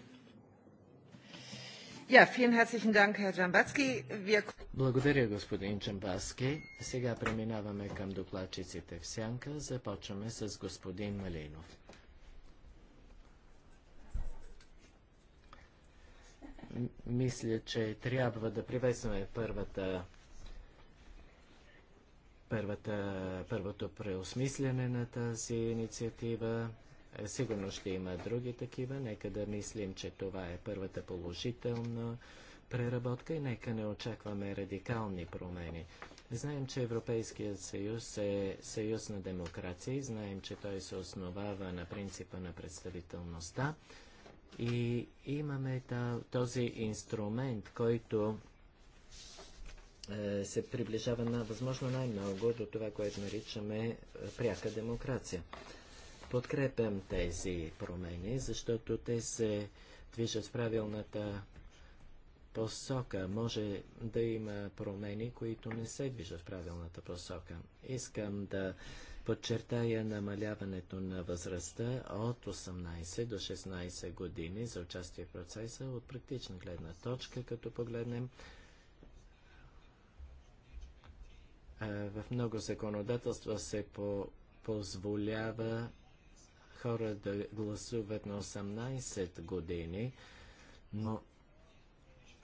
Благодаря, господин Джамбаски. Сега преминаваме към докладчиците в сянка. Започваме с господин Малинов. Мисля, че трябва да приветстваме първата първата, първото преосмислене на тази инициатива. Е, сигурно ще има други такива. Нека да мислим, че това е първата положителна преработка и нека не очакваме радикални промени. Знаем, че Европейският съюз е съюз на демокрация и знаем, че той се основава на принципа на представителността. И имаме този инструмент, който е, се приближава на възможно най-много до това, което наричаме пряка демокрация подкрепям тези промени, защото те се движат в правилната посока. Може да има промени, които не се движат в правилната посока. Искам да подчертая намаляването на възрастта от 18 до 16 години за участие в процеса от практична гледна точка, като погледнем в много законодателства се по позволява хора да гласуват на 18 години, но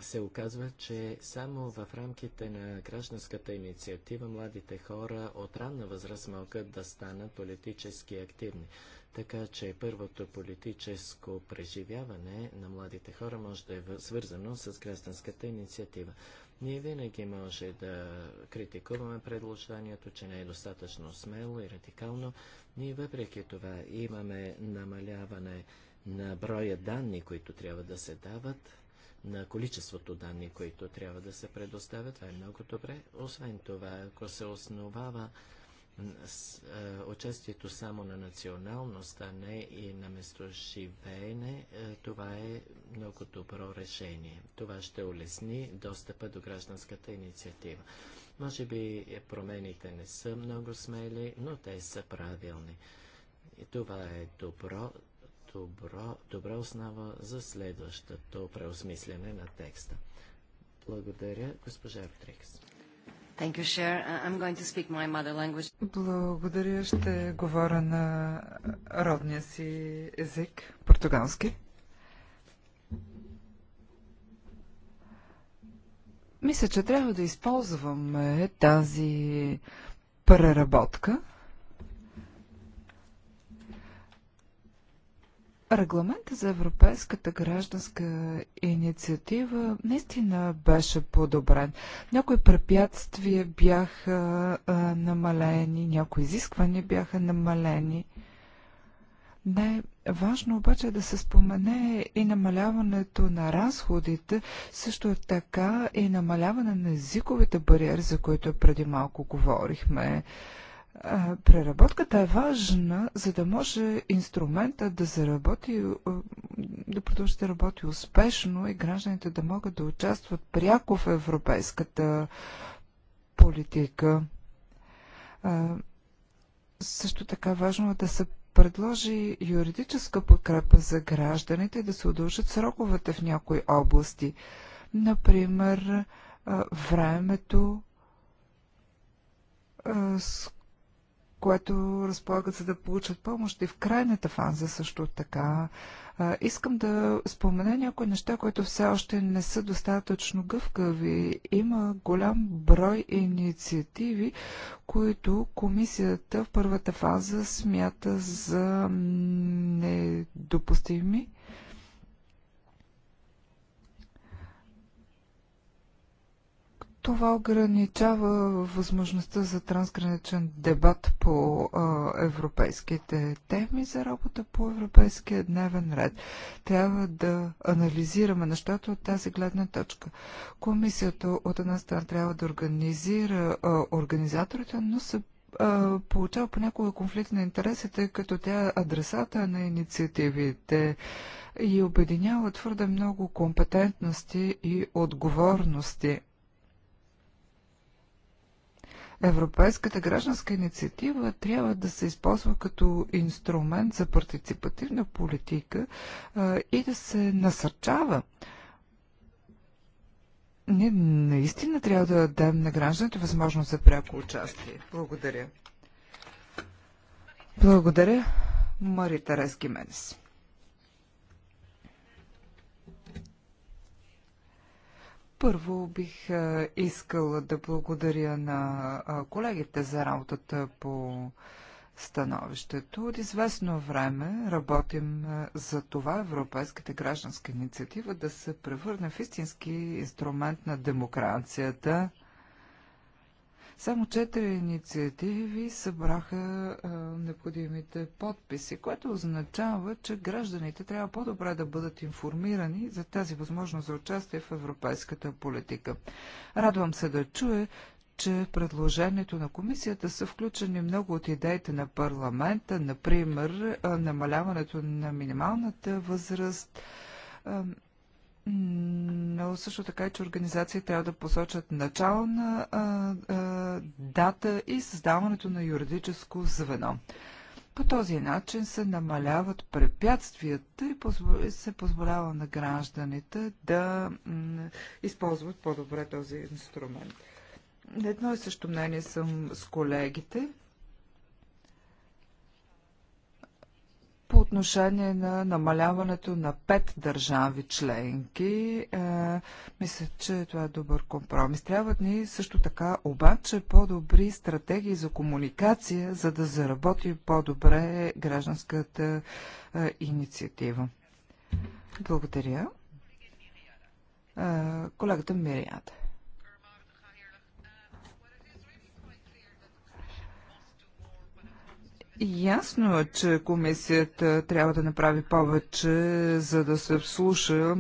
се оказва, че само в рамките на гражданската инициатива младите хора от ранна възраст могат да станат политически активни. Така че първото политическо преживяване на младите хора може да е свързано с гражданската инициатива. Ние винаги може да критикуваме предложението, че не е достатъчно смело и радикално. Ние въпреки това имаме намаляване на броя данни, които трябва да се дават, на количеството данни, които трябва да се предоставят. Това е много добре. Освен това, ако се основава е, участието само на националност, а не и на местоживеене, е, това е много добро решение. Това ще улесни достъпа до гражданската инициатива. Може би промените не са много смели, но те са правилни. И това е добро, добро, добра основа за следващото преосмислене на текста. Благодаря, госпожа Артрикс. Thank you, I'm going to speak my mother language. Благодаря. Ще говоря на родния си език, португалски. Мисля, че трябва да използваме тази преработка – Регламентът за Европейската гражданска инициатива наистина беше подобрен. Някои препятствия бяха а, намалени, някои изисквания бяха намалени. Не, важно обаче е да се спомене и намаляването на разходите, също така и намаляване на езиковите бариери, за които преди малко говорихме. А, Преработката е важна, за да може инструмента да заработи, да продължи да работи успешно и гражданите да могат да участват пряко в европейската политика. Също така важно е да се предложи юридическа подкрепа за гражданите и да се удължат сроковете в някои области. Например, времето, с което разполагат за да получат помощ и в крайната фаза също така. А, искам да спомена някои неща, които все още не са достатъчно гъвкави. Има голям брой инициативи, които комисията в първата фаза смята за недопустими това ограничава възможността за трансграничен дебат по а, европейските теми за работа по европейския дневен ред. Трябва да анализираме нещата от тази гледна точка. Комисията от една страна трябва да организира а, организаторите, но се получава понякога конфликт на интересите, като тя е адресата на инициативите и обединява твърде много компетентности и отговорности. Европейската гражданска инициатива трябва да се използва като инструмент за партиципативна политика и да се насърчава ние наистина трябва да дадем на гражданите възможност за пряко участие. Благодаря. Благодаря, Мари Тарески Менес. Първо бих искала да благодаря на колегите за работата по становището. От известно време работим за това Европейската гражданска инициатива да се превърне в истински инструмент на демокрацията само четири инициативи събраха а, необходимите подписи, което означава, че гражданите трябва по-добре да бъдат информирани за тази възможност за участие в европейската политика. Радвам се да чуя, че в предложението на комисията са включени много от идеите на парламента, например намаляването на минималната възраст, но също така е, че организации трябва да посочат начална а, а, дата и създаването на юридическо звено. По този начин се намаляват препятствията и се позволява на гражданите да използват по-добре този инструмент. едно и също мнение съм с колегите. по отношение на намаляването на пет държави членки. Е, мисля, че това е добър компромис. Трябват ни също така обаче по-добри стратегии за комуникация, за да заработи по-добре гражданската е, инициатива. Благодаря. Е, колегата Мирията. Ясно е, че комисията трябва да направи повече, за да се вслуша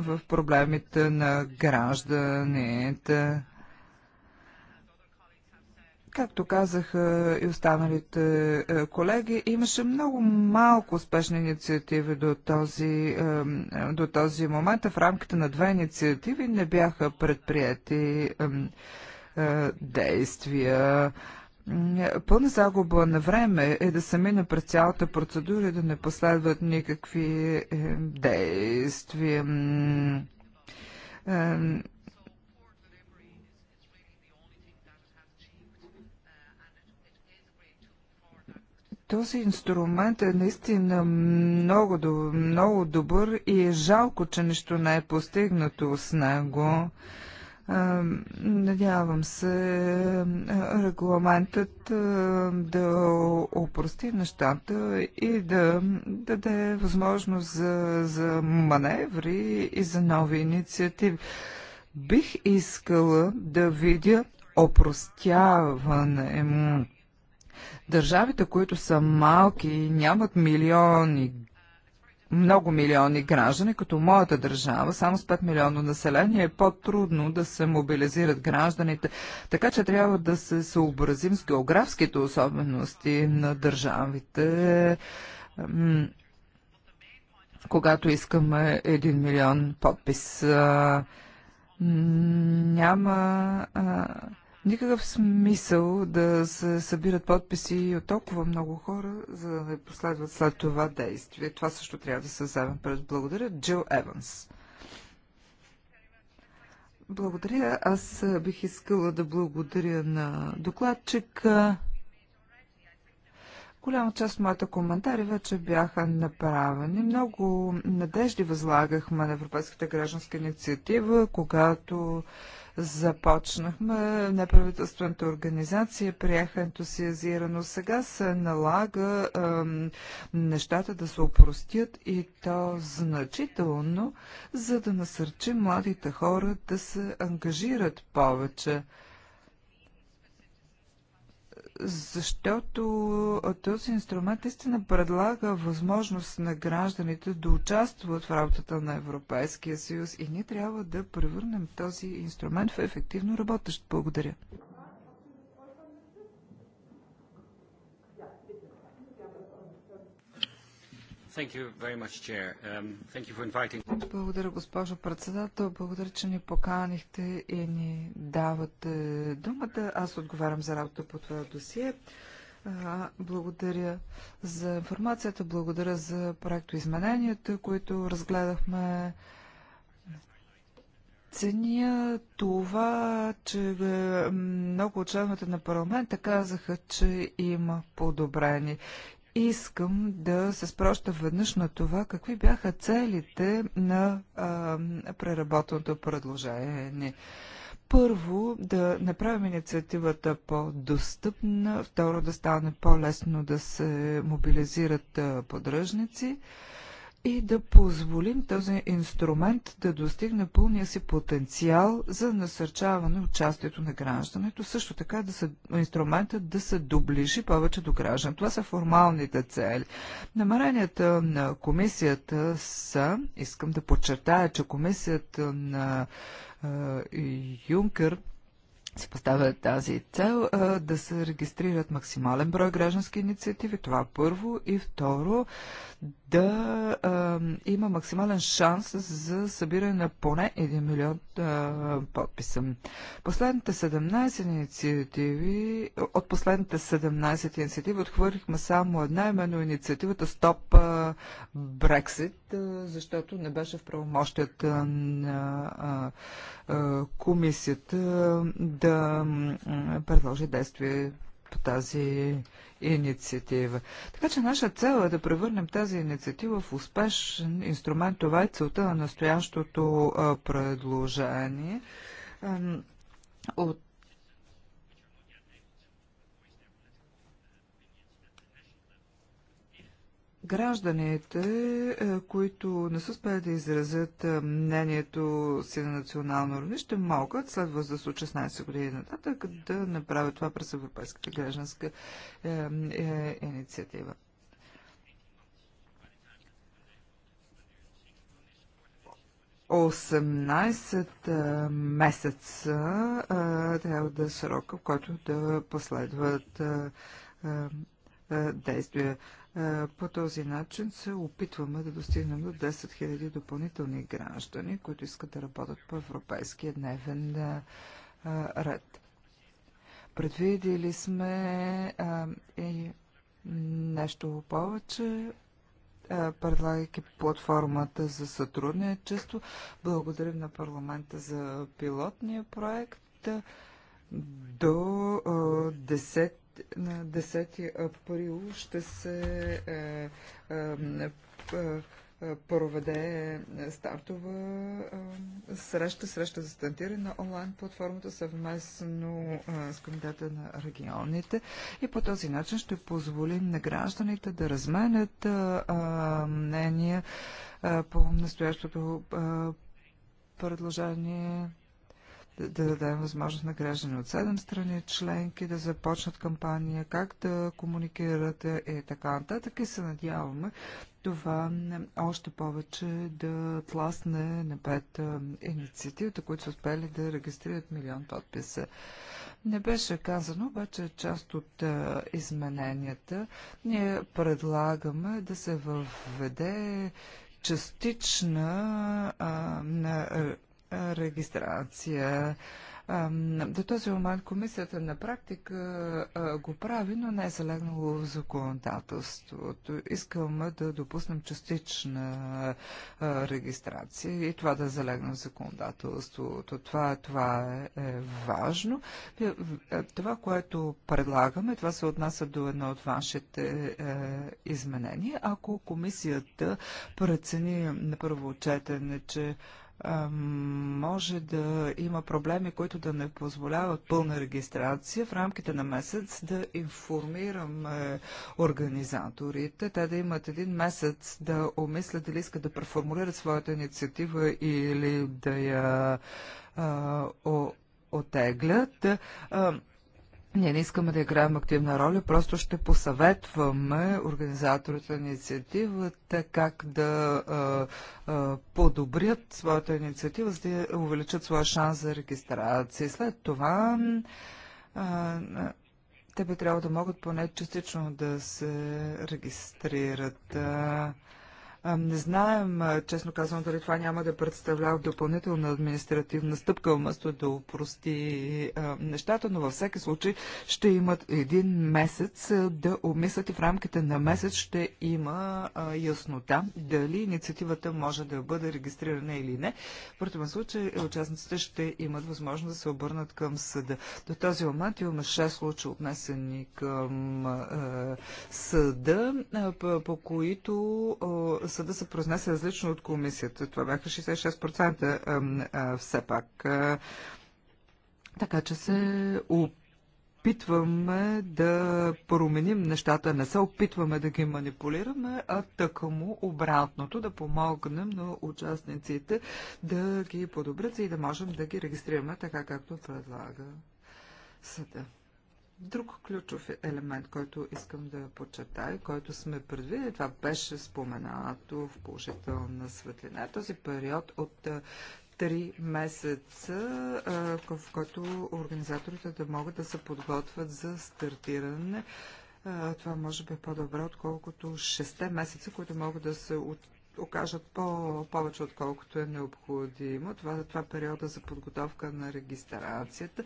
в проблемите на гражданите. Както казаха и останалите колеги, имаше много малко успешни инициативи до този, до този момент. В рамките на две инициативи не бяха предприяти действия. Пълна загуба на време е да се мине през цялата процедура и да не последват никакви е, действия. Е, този инструмент е наистина много, много добър и е жалко, че нищо не е постигнато с него. Надявам се регламентът да опрости нещата и да даде възможност за, за маневри и за нови инициативи. Бих искала да видя опростяване. Държавите, които са малки и нямат милиони много милиони граждани, като моята държава, само с 5 милиона население, е по-трудно да се мобилизират гражданите, така че трябва да се съобразим с географските особености на държавите, когато искаме 1 милион подпис. Няма никакъв смисъл да се събират подписи от толкова много хора, за да не последват след това действие. Това също трябва да се вземе пред. Благодаря. Джил Еванс. Благодаря. Аз бих искала да благодаря на докладчика. Голяма част от моите коментари вече бяха направени. Много надежди възлагахме на Европейската гражданска инициатива, когато Започнахме неправителствената организация, приеха ентусиазирано. Сега се налага е, нещата да се опростят и то значително, за да насърчи младите хора да се ангажират повече защото този инструмент наистина предлага възможност на гражданите да участват в работата на Европейския съюз и ние трябва да превърнем този инструмент в ефективно работещ. Благодаря. Um, благодаря, госпожо председател. Благодаря, че ни поканихте и ни давате думата. Аз отговарям за работа по това досие. Благодаря за информацията, благодаря за проектоизмененията, които разгледахме. Ценя това, че е, много от членовете на парламента казаха, че има подобрени. Искам да се спроща веднъж на това, какви бяха целите на а, преработеното предложение първо да направим инициативата по-достъпна, второ да стане по-лесно да се мобилизират подръжници и да позволим този инструмент да достигне пълния си потенциал за насърчаване участието на граждането, също така да се, инструментът да се доближи повече до граждан. Това са формалните цели. Намеренията на комисията са, искам да подчертая, че комисията на е, Юнкър си поставя тази цел да се регистрират максимален брой граждански инициативи. Това първо. И второ, да а, има максимален шанс за събиране на поне 1 милион а, подписа. Последните 17 инициативи, от последните 17 инициативи отхвърлихме само една, именно инициативата Стоп Брексит, защото не беше в правомощията на а, а, комисията да предложи действие по тази инициатива. Така че наша цел е да превърнем тази инициатива в успешен инструмент. Това е целта на настоящото предложение. От гражданите, е, които не са успели да изразят е, мнението си на национално равнище, могат, след възраст от 16 години нататък, да направят това през Европейската гражданска е, е, инициатива. Осемнайсет е, месеца трябва да е срока, в който да последват е, действия. Е, по този начин се опитваме да достигнем до 10 000 допълнителни граждани, които искат да работят по европейския дневен е, ред. Предвидели сме и нещо повече, предлагайки платформата за сътрудничество. Благодарим на парламента за пилотния проект. До 10 на 10 април ще се е, е, е, е проведе стартова е, среща, среща за стантиране на онлайн платформата съвместно с комитета на регионите и по този начин ще позволим на гражданите да разменят мнения по настоящото предложение да, дадем възможност на граждани от седем страни членки да започнат кампания, как да комуникират и така нататък. И се надяваме това още повече да тласне напред инициативата, които са успели да регистрират милион подписа. Не беше казано, обаче част от измененията ние предлагаме да се въведе частична а, на, регистрация. До този момент комисията на практика го прави, но не е залегнало в законодателството. Искаме да допуснем частична регистрация и това да е залегне в законодателството. Това, това е, е важно. Е, е, това, което предлагаме, това се отнася до едно от вашите изменения. Ако комисията прецени на първо четене, че може да има проблеми, които да не позволяват пълна регистрация в рамките на месец да информираме организаторите, те да имат един месец да омислят дали искат да преформулират своята инициатива или да я а, о, отеглят. А, ние не искаме да играем активна роля, просто ще посъветваме организаторите на инициативата как да а, а, подобрят своята инициатива, за да увеличат своя шанс за регистрация. След това а, те би трябвало да могат поне частично да се регистрират. А, не знаем, честно казвам, дали това няма да представлява допълнителна административна стъпка, вместо да упрости нещата, но във всеки случай ще имат един месец да обмислят и в рамките на месец ще има яснота дали инициативата може да бъде регистрирана или не. В противен случай участниците ще имат възможност да се обърнат към съда. До този момент имаме 6 случая отнесени към съда, по които съда се произнесе различно от комисията. Това бяха 66% все пак. Така че се опитваме да променим нещата. Не се опитваме да ги манипулираме, а тъка му обратното, да помогнем на участниците да ги подобрят и да можем да ги регистрираме така, както предлага съда. Друг ключов елемент, който искам да подчертая, който сме предвидили, това беше споменато в положителна светлина. Този период от три месеца, в който организаторите да могат да се подготвят за стартиране. Това може би е по-добре, отколкото 6 месеца, които могат да се окажат по, повече, отколкото е необходимо. Това, това е периода за подготовка на регистрацията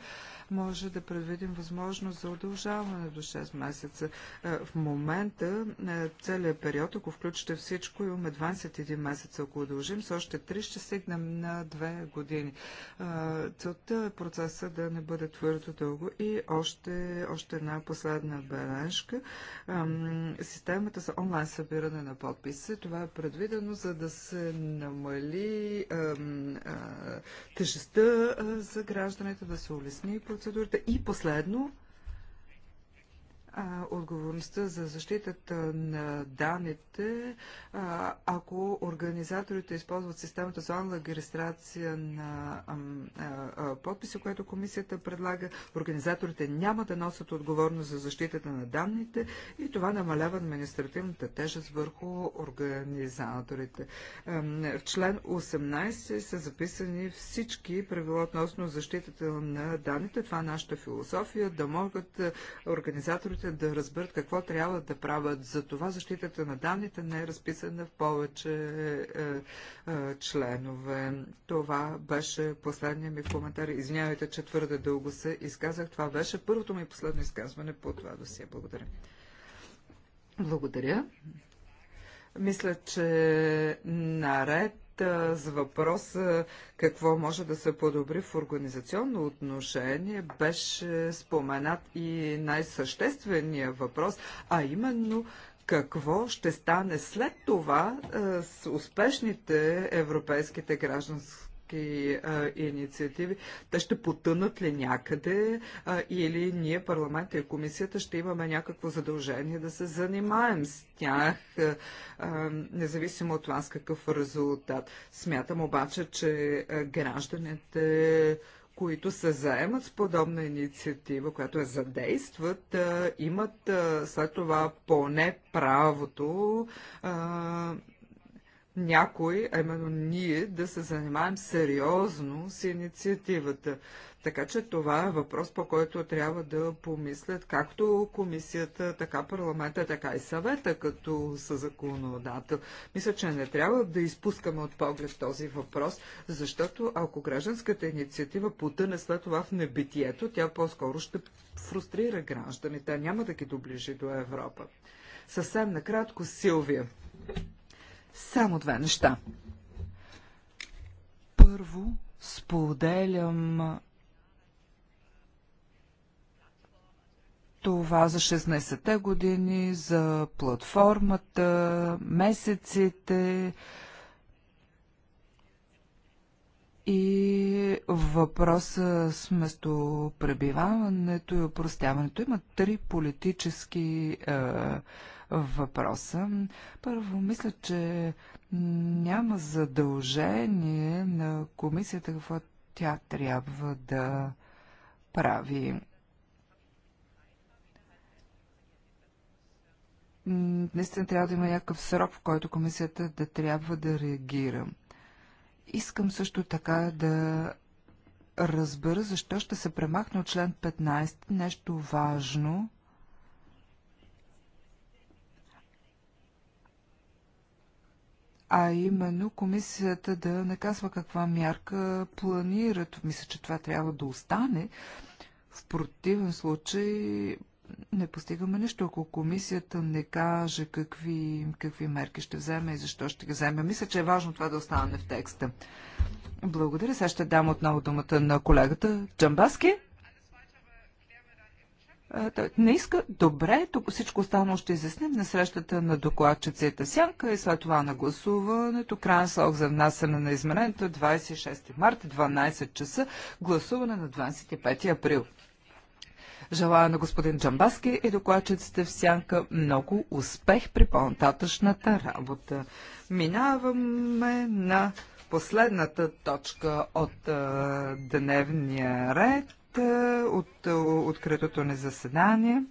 може да предвидим възможност за удължаване до 6 месеца. Е, в момента е, целият период, ако включите всичко, имаме 21 месеца. Ако удължим с още 3, ще стигнем на 2 години. Целта е процеса да не бъде твърдо дълго. И още, още една последна бележка. Системата за онлайн събиране на подписи. Това е предвидено въведено, за да се намали тежестта за гражданите, да се улесни процедурата. И последно, отговорността за защитата на данните, ако организаторите използват системата за онлайн регистрация на подписи, което комисията предлага, организаторите няма да носят отговорност за защитата на данните и това намалява административната тежест върху организаторите. В член 18 са записани всички правила относно защитата на данните. Това е нашата философия, да могат организаторите органите да разберат какво трябва да правят. За това защитата на данните не е разписана в повече е, е, членове. Това беше последния ми коментар. Извинявайте, че твърде дълго се изказах. Това беше първото ми и последно изказване по това досие. Благодаря. Благодаря. Мисля, че наред с въпрос какво може да се подобри в организационно отношение, беше споменат и най-същественият въпрос, а именно какво ще стане след това с успешните европейските граждански европейски а, инициативи, те ще потънат ли някъде а, или ние, парламента и комисията, ще имаме някакво задължение да се занимаем с тях, а, независимо от вас какъв резултат. Смятам обаче, че гражданите които се заемат с подобна инициатива, която я е задействат, имат след това поне правото някой, а именно ние, да се занимаем сериозно с инициативата. Така че това е въпрос, по който трябва да помислят както комисията, така парламента, така и съвета като са законодател. Мисля, че не трябва да изпускаме от поглед този въпрос, защото ако гражданската инициатива потъне след това в небитието, тя по-скоро ще фрустрира гражданите, няма да ги доближи до Европа. Съвсем накратко, Силвия. Само две неща. Първо, споделям това за 16-те години, за платформата, месеците и въпроса с местопребиваването и опростяването. Има три политически е, въпроса. Първо, мисля, че няма задължение на комисията какво тя трябва да прави. Наистина трябва да има някакъв срок, в който комисията да трябва да реагира. Искам също така да разбера защо ще се премахне от член 15 нещо важно, а именно комисията да наказва каква мярка планират. Мисля, че това трябва да остане. В противен случай не постигаме нищо, ако комисията не каже какви, какви мерки ще вземе и защо ще ги вземе. Мисля, че е важно това да остане в текста. Благодаря. Сега ще дам отново думата на колегата Джамбаски не иска. Добре, тук всичко останало ще изясним на срещата на докладчицата Сянка и след това на гласуването. Крайен срок за внасяне на изменението 26 марта, 12 часа, гласуване на 25 април. Желая на господин Джамбаски и докладчиците в Сянка много успех при по-нататъчната работа. Минаваме на последната точка от а, дневния ред от е, откритото ни заседание,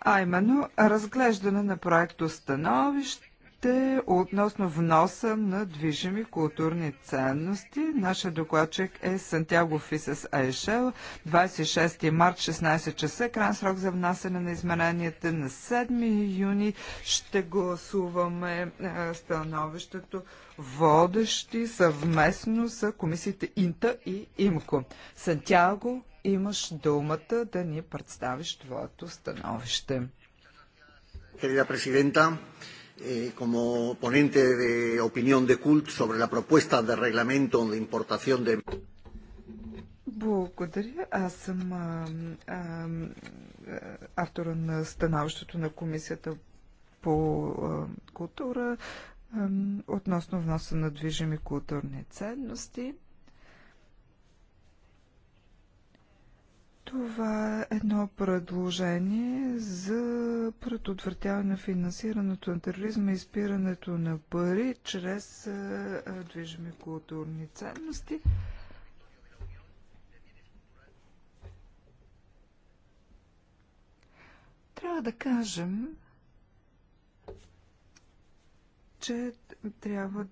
а именно разглеждане на проекто становище те относно вноса на движими културни ценности. Нашия докладчик е Сантьяго Фисес Айшел. 26 март, 16 часа. Крайен срок за внасяне на измененията на 7 юни. Ще гласуваме е, становището водещи съвместно с комисиите Инта и Имко. Сантьяго, имаш думата да ни представиш твоето становище. Querida Presidenta, eh, como ponente de opinión de CULT sobre la propuesta de reglamento de importación de. Благодаря. Аз съм а, а, автора на становището на Комисията по а, култура а, относно вноса на движими културни ценности. Това е едно предложение за предотвратяване на финансирането на тероризма и спирането на пари чрез е, е, движими културни ценности. Трябва да кажем, че трябва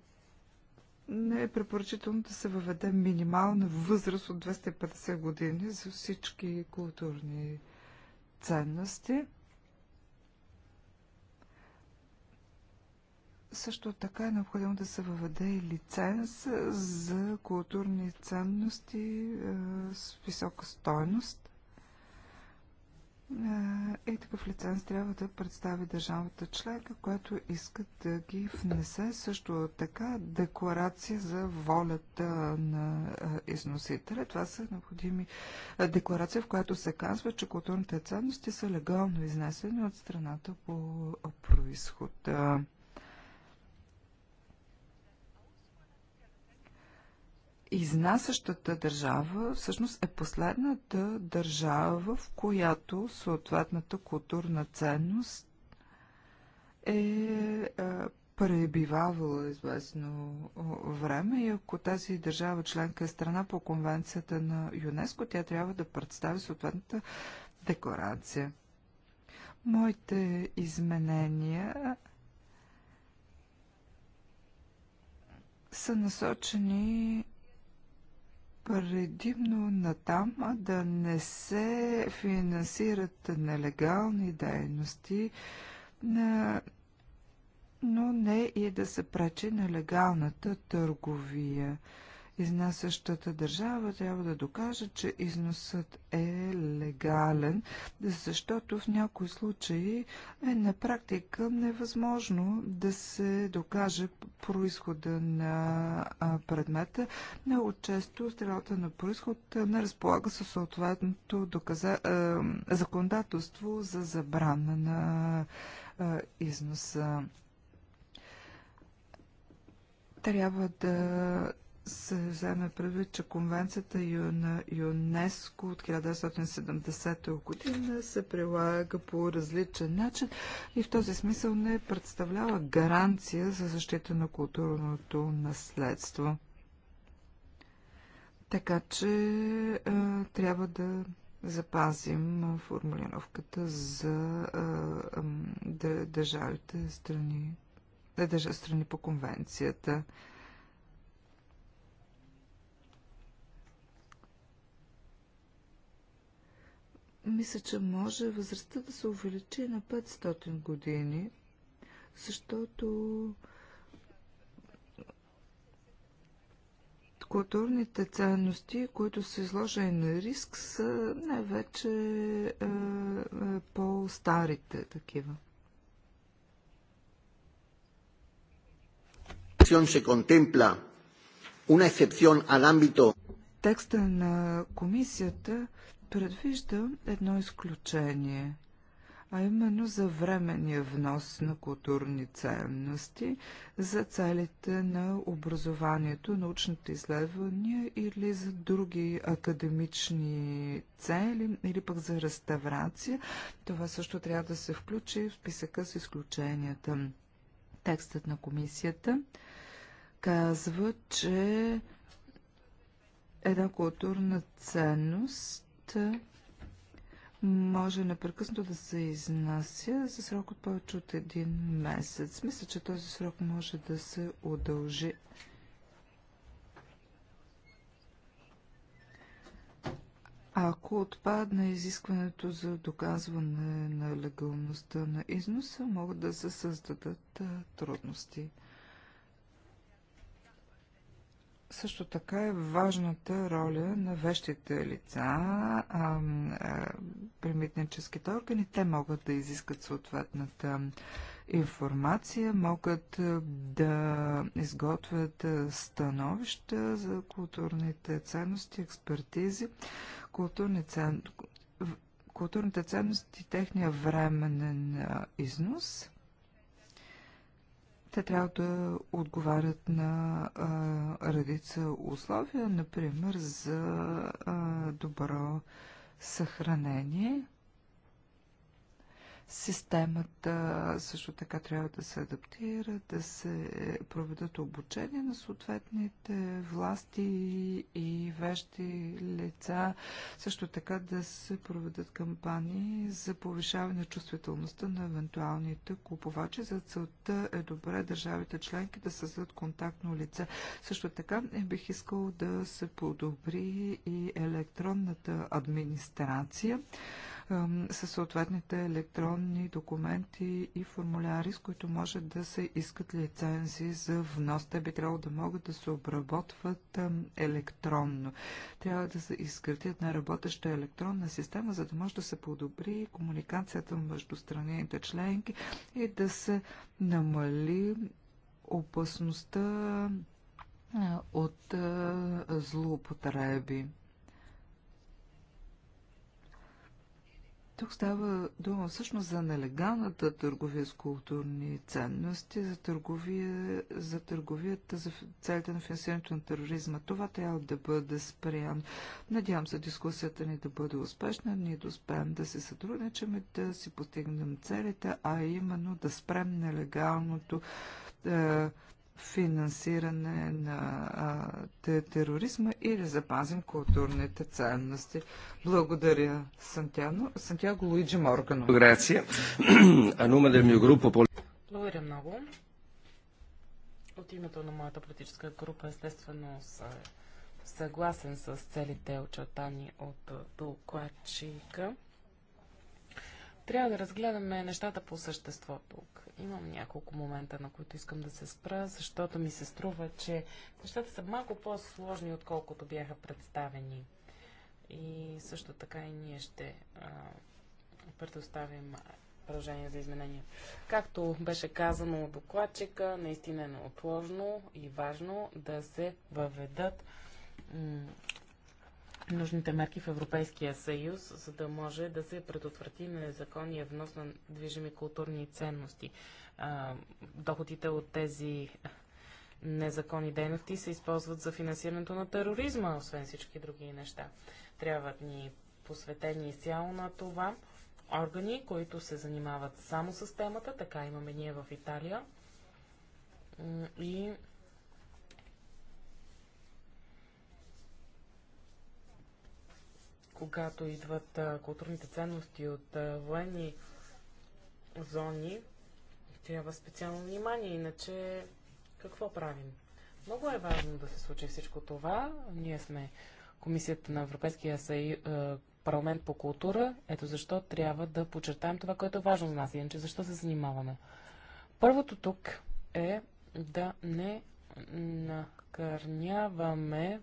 не е препоръчително да се въведе минимална възраст от 250 години за всички културни ценности. Също така е необходимо да се въведе и лиценз за културни ценности е, с висока стойност и е, е такъв лиценз трябва да представи държавата членка, която иска да ги внесе също така декларация за волята на износителя. Това са необходими декларация, в която се казва, че културните ценности са легално изнесени от страната по происход. изнасящата държава всъщност е последната държава, в която съответната културна ценност е, е пребивавала известно време и ако тази държава членка е страна по конвенцията на ЮНЕСКО, тя трябва да представи съответната декларация. Моите изменения са насочени предимно на там да не се финансират нелегални дейности, но не и да се пречи нелегалната търговия изнасящата държава трябва да докаже, че износът е легален, защото в някои случаи е на практика невъзможно да се докаже происхода на предмета. Много често стрелата на происход не разполага със съответното доказа... законодателство за забрана на износа трябва да се вземе предвид, че конвенцията на ЮНЕСКО от 1970 година се прилага по различен начин и в този смисъл не представлява гаранция за защита на културното наследство. Така че е, трябва да запазим формулировката за е, държавите страни, държа страни по конвенцията. Мисля, че може възрастта да се увеличи на 500 години, защото културните ценности, които са изложени на риск, са най-вече е, е, по-старите такива. се контемпла una excepción al ámbito. Текста на комисията предвижда едно изключение, а именно за временния внос на културни ценности за целите на образованието, научните изследвания или за други академични цели, или пък за реставрация. Това също трябва да се включи в списъка с изключенията. Текстът на комисията казва, че една културна ценност може непрекъснато да се изнася за срок от повече от един месец. Мисля, че този срок може да се удължи. Ако отпадне изискването за доказване на легалността на износа, могат да се създадат трудности. също така е важната роля на вещите лица, а, а, е, примитническите органи. Те могат да изискат съответната информация, могат е, да изготвят е, становища за културните ценности, експертизи, културни цен... културните ценности, техния временен износ те трябва да отговарят на а, редица условия, например за а, добро съхранение. Системата също така трябва да се адаптира, да се проведат обучение на съответните власти и вещи лица, също така да се проведат кампании за повишаване на чувствителността на евентуалните купувачи. За целта е добре държавите членки да създадат контактно лице. Също така е, бих искал да се подобри и електронната администрация със съответните електронни документи и формуляри, с които може да се искат лицензии за внос. Те би трябвало да могат да се обработват електронно. Трябва да се изгради една работеща електронна система, за да може да се подобри комуникацията между страните членки и да се намали опасността от злоупотреби. Тук става дума всъщност за нелегалната търговия с културни ценности, за, търговия, за търговията, за целите на финансирането на тероризма. Това трябва да бъде спрям. Надявам се дискусията ни да бъде успешна, ние да успеем да се сътрудничаме, да си постигнем целите, а именно да спрем нелегалното е, финансиране на а, тероризма и да запазим културните ценности. Благодаря, Сантяно. Сантяго Луиджи Моргано. Благодаря много. От името на моята политическа група, естествено, са съгласен с целите очертани от докладчика. Трябва да разгледаме нещата по същество тук. Имам няколко момента, на които искам да се спра, защото ми се струва, че нещата са малко по-сложни, отколкото бяха представени. И също така и ние ще а, предоставим предложение за изменения. Както беше казано от докладчика, наистина е неотложно и важно да се въведат нужните мерки в Европейския съюз, за да може да се предотврати незаконния внос на движими културни ценности. доходите от тези незаконни дейности се използват за финансирането на тероризма, освен всички други неща. Трябват ни посветени изцяло на това органи, които се занимават само с темата, така имаме ние в Италия. И когато идват а, културните ценности от а, военни зони, трябва специално внимание, иначе какво правим? Много е важно да се случи всичко това. Ние сме Комисията на Европейския съюз, парламент по култура. Ето защо трябва да подчертаем това, което е важно за нас. Иначе защо се занимаваме? Първото тук е да не накърняваме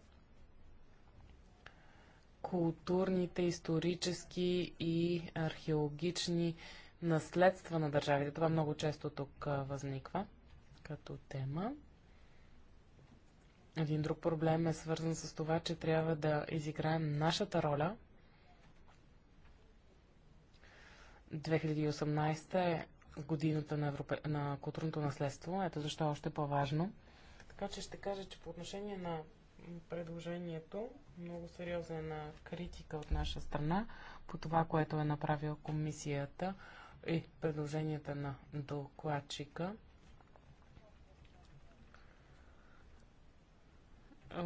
културните, исторически и археологични наследства на държавите. Това много често тук възниква като тема. Един друг проблем е свързан с това, че трябва да изиграем нашата роля. 2018 е годината на, Европе... на културното наследство. Ето защо е още по-важно. Така че ще кажа, че по отношение на предложението. Много сериозна критика от наша страна по това, което е направила комисията и предложенията на докладчика.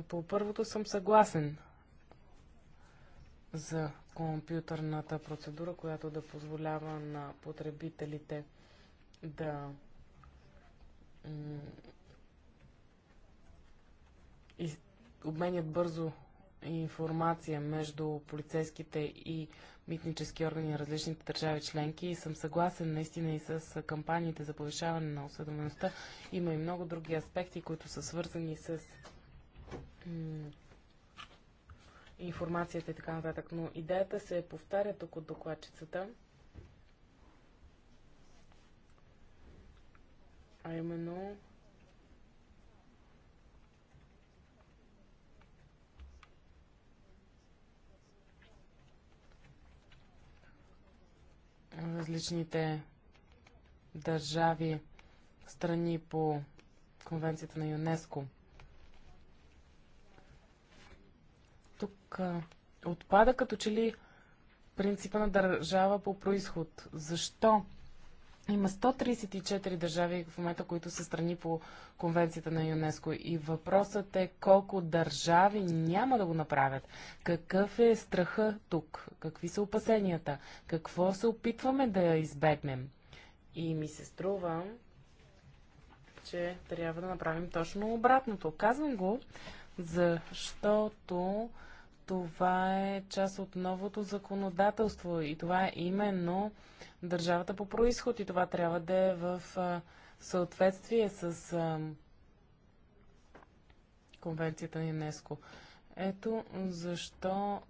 По първото съм съгласен за компютърната процедура, която да позволява на потребителите да и обменят бързо информация между полицейските и митнически органи на различните държави членки и съм съгласен наистина и с кампаниите за повишаване на осведомеността. Има и много други аспекти, които са свързани с информацията и така нататък. Но идеята се повтаря тук от докладчицата. А именно различните държави, страни по Конвенцията на ЮНЕСКО. Тук а, отпада като че ли принципа на държава по происход. Защо има 134 държави в момента, които са страни по конвенцията на ЮНЕСКО. И въпросът е колко държави няма да го направят. Какъв е страха тук? Какви са опасенията? Какво се опитваме да избегнем? И ми се струва, че трябва да направим точно обратното. Казвам го, защото това е част от новото законодателство и това е именно държавата по происход и това трябва да е в съответствие с конвенцията на ЮНЕСКО. Ето защо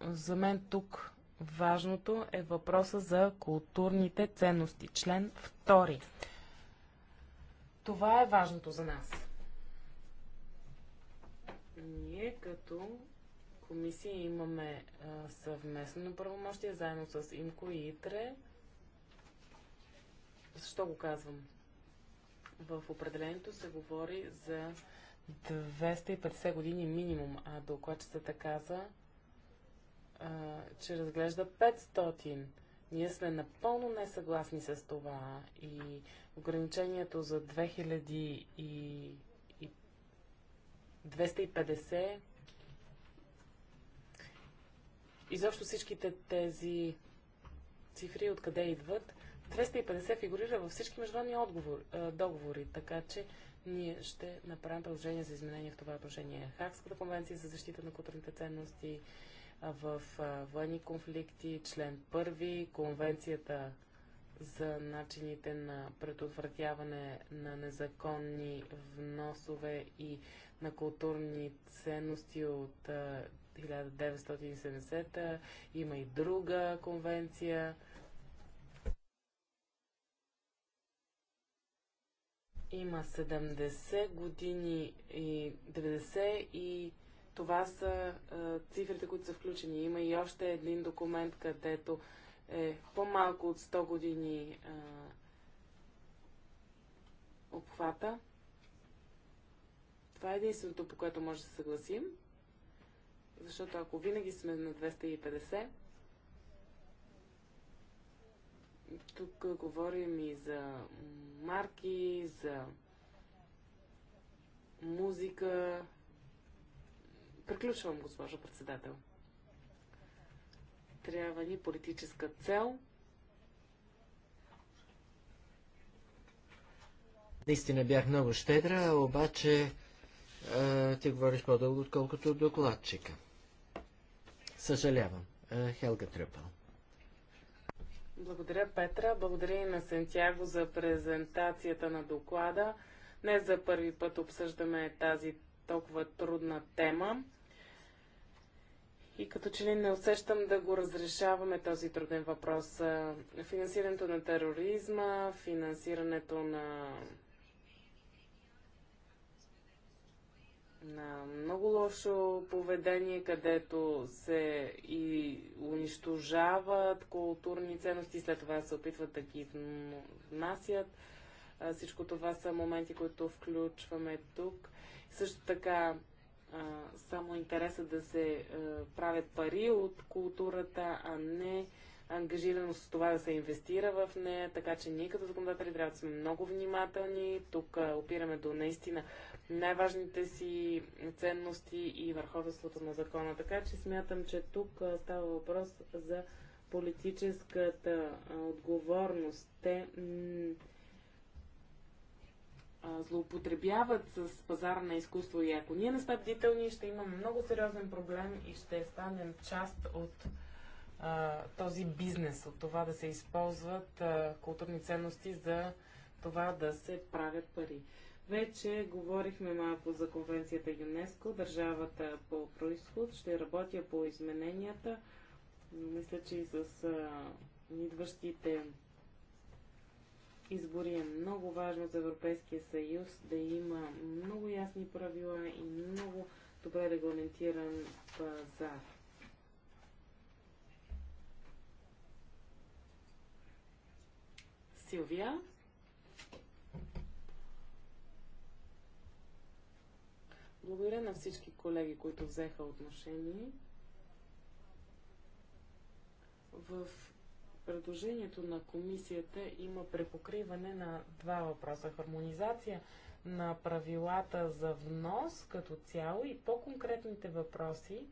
за мен тук важното е въпроса за културните ценности. Член 2. Това е важното за нас. Ние като комисия имаме а, съвместно правомощие, заедно с ИМКО и ИТРЕ. Защо го казвам? В определението се говори за 250 години минимум, а докладчицата каза, а, че разглежда 500. Ние сме напълно несъгласни с това и ограничението за 2000 и 250. Изобщо всичките тези цифри откъде идват. 250 фигурира във всички международни отговор, договори, така че ние ще направим предложение за изменение в това отношение. Хакската конвенция за защита на културните ценности в военни конфликти, член 1, конвенцията за начините на предотвратяване на незаконни вносове и на културни ценности от 1970-та. Има и друга конвенция. Има 70 години и 90 и това са а, цифрите, които са включени. Има и още един документ, където е по-малко от 100 години а, обхвата. Това е единственото, по което може да се съгласим. Защото ако винаги сме на 250, тук говорим и за марки, за музика. Приключвам, госпожо председател. Трябва ни политическа цел. Наистина бях много щедра, обаче ти говориш по-дълго, отколкото докладчика. Съжалявам. Хелга Трюпал. Благодаря, Петра. Благодаря и на Сентяго за презентацията на доклада. Днес за първи път обсъждаме тази толкова трудна тема. И като че ли не усещам да го разрешаваме този труден въпрос. Финансирането на тероризма, финансирането на на много лошо поведение, където се и унищожават културни ценности, след това се опитват да ги внасят. Всичко това са моменти, които включваме тук. Също така, само интереса да се правят пари от културата, а не ангажираност с това да се инвестира в нея, така че ние като законодатели трябва да сме много внимателни. Тук опираме до наистина най-важните си ценности и върховенството на закона. Така че смятам, че тук става въпрос за политическата отговорност. Те злоупотребяват с пазара на изкуство и ако ние не сме бдителни, ще имаме много сериозен проблем и ще станем част от а, този бизнес, от това да се използват а, културни ценности за това да се правят пари. Вече говорихме малко за конвенцията ЮНЕСКО. Държавата по происход ще работя по измененията. Мисля, че и с а, идващите избори е много важно за Европейския съюз да има много ясни правила и много добре регламентиран пазар. Силвия? Благодаря на всички колеги, които взеха отношение. В предложението на комисията има препокриване на два въпроса. Хармонизация на правилата за внос като цяло и по-конкретните въпроси,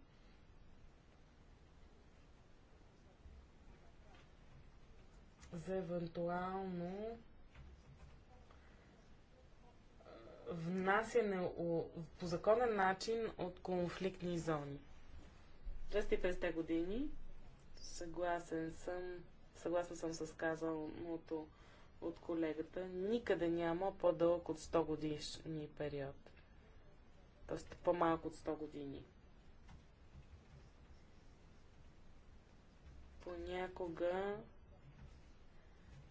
за евентуално внасяне по законен начин от конфликтни зони. 250 години. Съгласен съм, съгласен съм с казаното от колегата. Никъде няма по-дълъг от 100 годишни период. Тоест по-малко от 100 години. Понякога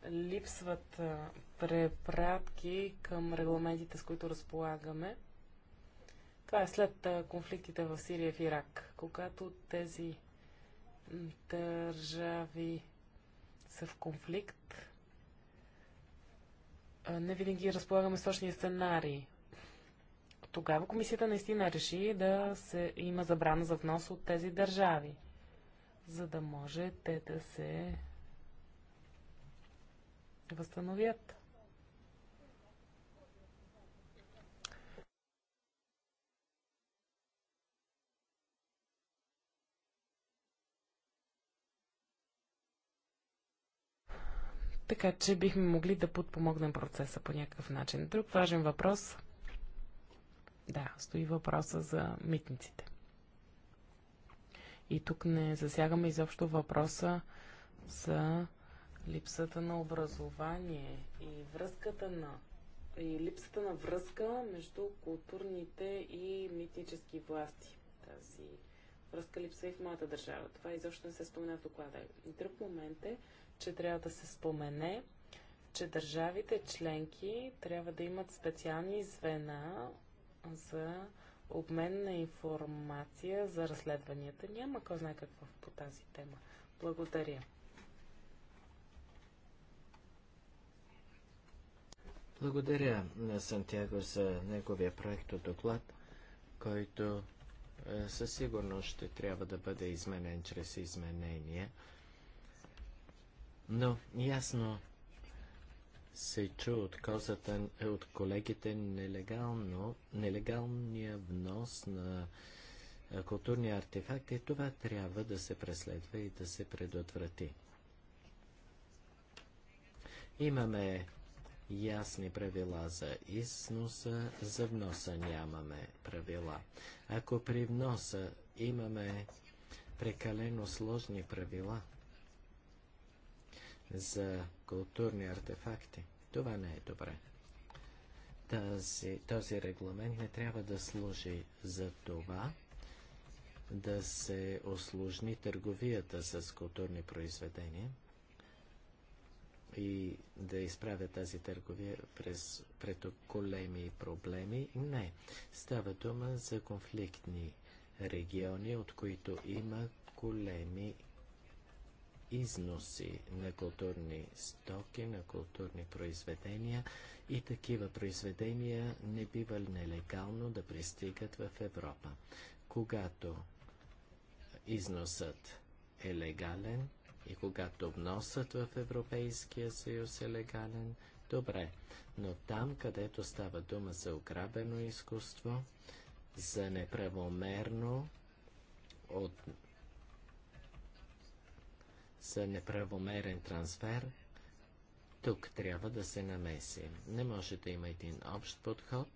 липсват препратки към регламентите, с които разполагаме. Това е след конфликтите в Сирия и в Ирак, когато тези държави са в конфликт. Не винаги разполагаме с точни сценарии. Тогава комисията наистина реши да се има забрана за внос от тези държави, за да може те да се възстановят. така че бихме могли да подпомогнем процеса по някакъв начин. Друг важен въпрос. Да, стои въпроса за митниците. И тук не засягаме изобщо въпроса за липсата на образование и връзката на и липсата на връзка между културните и митнически власти. Тази връзка липсва и в моята държава. Това изобщо не се спомена в доклада. И друг момент е че трябва да се спомене, че държавите членки трябва да имат специални звена за обмен на информация за разследванията. Няма кой знае какво по тази тема. Благодаря. Благодаря на Сантьяго за неговия проект доклад, който е, със сигурност ще трябва да бъде изменен чрез изменения. Но ясно се чу от, козата, е, от колегите нелегално, нелегалния внос на е, културни артефакти. Това трябва да се преследва и да се предотврати. Имаме ясни правила за износа, за вноса нямаме правила. Ако при вноса имаме прекалено сложни правила – за културни артефакти. Това не е добре. Тази, този регламент не трябва да служи за това да се осложни търговията с културни произведения и да изправя тази търговия през, пред големи проблеми. Не. Става дума за конфликтни региони, от които има големи износи на културни стоки, на културни произведения и такива произведения не бива нелегално да пристигат в Европа. Когато износът е легален и когато вносът в Европейския съюз е легален, добре. Но там, където става дума за ограбено изкуство, за неправомерно от за неправомерен трансфер, тук трябва да се намеси. Не може да има един общ подход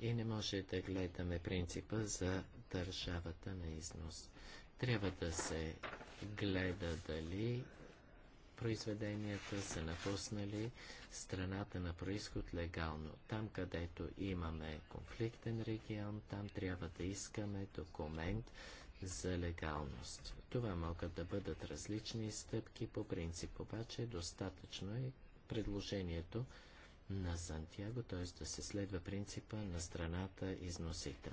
и не може да гледаме принципа за държавата на износ. Трябва да се гледа дали произведенията са напуснали страната на происход легално. Там, където имаме конфликтен регион, там трябва да искаме документ за легалност. Това могат да бъдат различни стъпки по принцип, обаче достатъчно е предложението на Сантьяго, т.е. да се следва принципа на страната износител.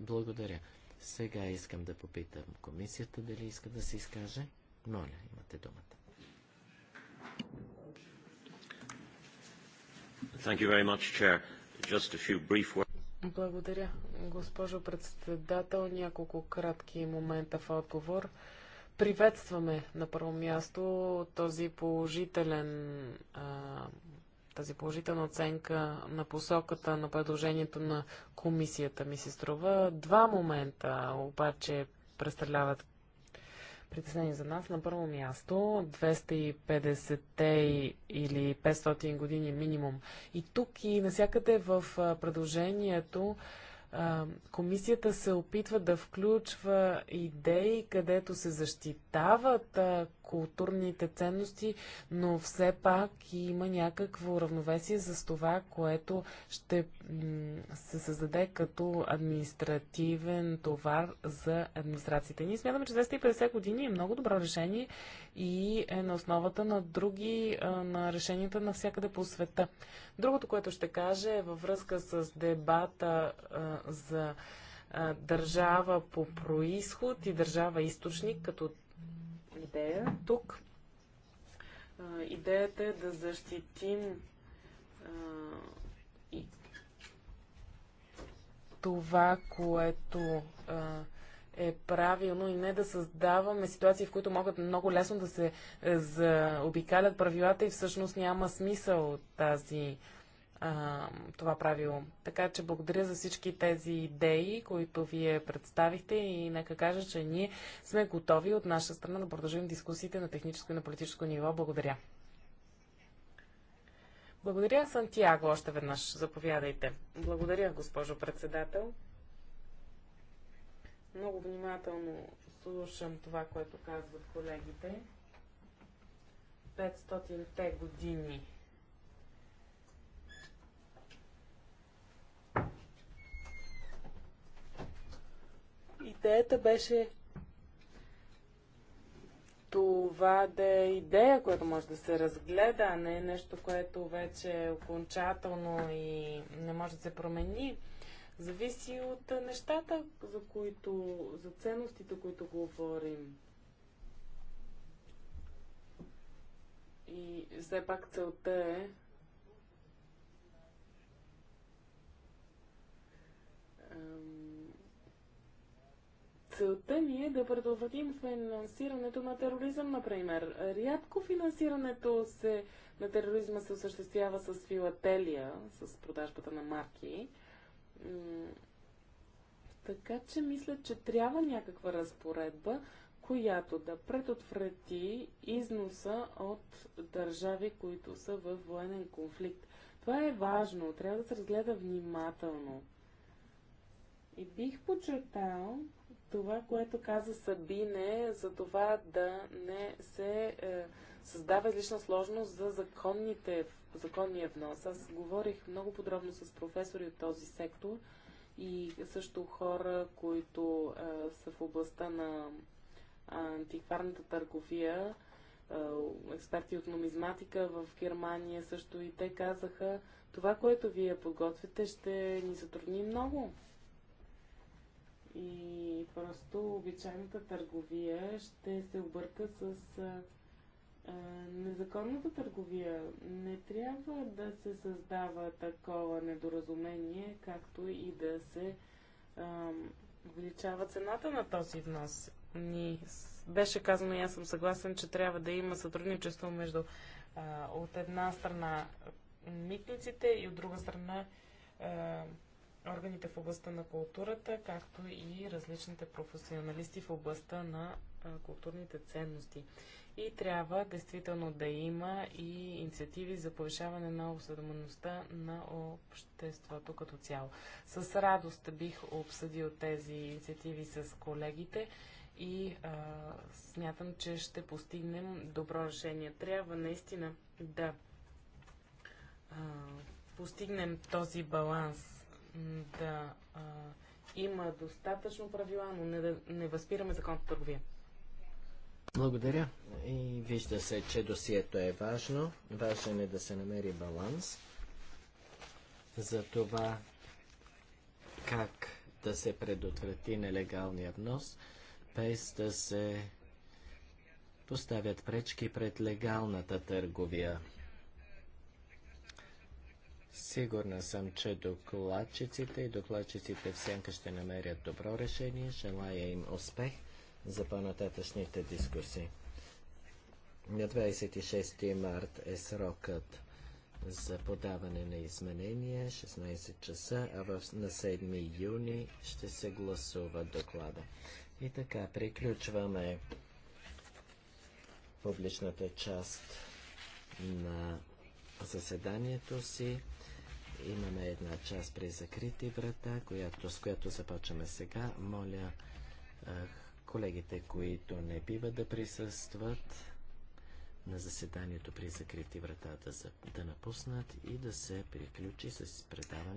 Благодаря. Сега искам да попитам комисията дали иска да се изкаже. Моля, имате думата. Thank you very much, Chair. Just a few brief words. Благодаря, госпожо председател. Няколко кратки момента в отговор. Приветстваме на първо място този положителен, тази положителна оценка на посоката на предложението на комисията ми се струва. Два момента обаче представляват притеснение за нас. На първо място 250 или 500 години минимум. И тук и насякъде в предложението комисията се опитва да включва идеи, където се защитават а, културните ценности, но все пак има някакво равновесие за това, което ще се създаде като административен товар за администрацията. Ние смятаме, че 250 години е много добро решение и е на основата на други, на решенията навсякъде по света. Другото, което ще кажа е във връзка с дебата за държава по происход и държава източник като идея тук. Идеята е да защитим това, което а, е правилно и не да създаваме ситуации, в които могат много лесно да се е, заобикалят правилата и всъщност няма смисъл тази, а, това правило. Така че благодаря за всички тези идеи, които вие представихте и нека кажа, че ние сме готови от наша страна да продължим дискусиите на техническо и на политическо ниво. Благодаря. Благодаря, Сантьяго, още веднъж. Заповядайте. Благодаря, госпожо председател. Много внимателно слушам това, което казват колегите. 500-те години идеята беше това да е идея, която може да се разгледа, а не нещо, което вече е окончателно и не може да се промени зависи от нещата, за които, за ценностите, които говорим. И все пак целта е целта ни е да предотвратим финансирането на тероризъм, например. Рядко финансирането се, на тероризма се осъществява с филателия, с продажбата на марки. Така че мисля, че трябва някаква разпоредба, която да предотврати износа от държави, които са в военен конфликт. Това е важно, трябва да се разгледа внимателно. И бих подчертал, това, което каза Сабине, за това да не се е, създава излишна сложност за законните, законния внос. Аз говорих много подробно с професори от този сектор и също хора, които е, са в областта на антикварната търговия, е, експерти от нумизматика в Германия също и те казаха, това, което вие подготвите, ще ни затрудни много и просто обичайната търговия ще се обърка с незаконната търговия. Не трябва да се създава такова недоразумение, както и да се а, увеличава цената на този внос. Ни беше казано и аз съм съгласен, че трябва да има сътрудничество между а, от една страна митниците и от друга страна а, органите в областта на културата, както и различните професионалисти в областта на културните ценности. И трябва действително да има и инициативи за повишаване на осведомеността на обществото като цяло. С радост бих обсъдил тези инициативи с колегите и а, смятам, че ще постигнем добро решение. Трябва наистина да а, постигнем този баланс да а, има достатъчно правила, но не, да, не възпираме законната търговия. Благодаря. И вижда се, че досието е важно. Важен е да се намери баланс за това как да се предотврати нелегалния внос, без да се поставят пречки пред легалната търговия. Сигурна съм, че докладчиците и докладчиците в сянка ще намерят добро решение. Желая им успех за по-нататъчните дискусии. На 26 март е срокът за подаване на изменения, 16 часа, а в, на 7 юни ще се гласува доклада. И така, приключваме публичната част на заседанието си имаме една част при закрити врата, която, с която започваме сега. Моля а, колегите, които не бива да присъстват на заседанието при закрити врата да, да напуснат и да се приключи с предаването.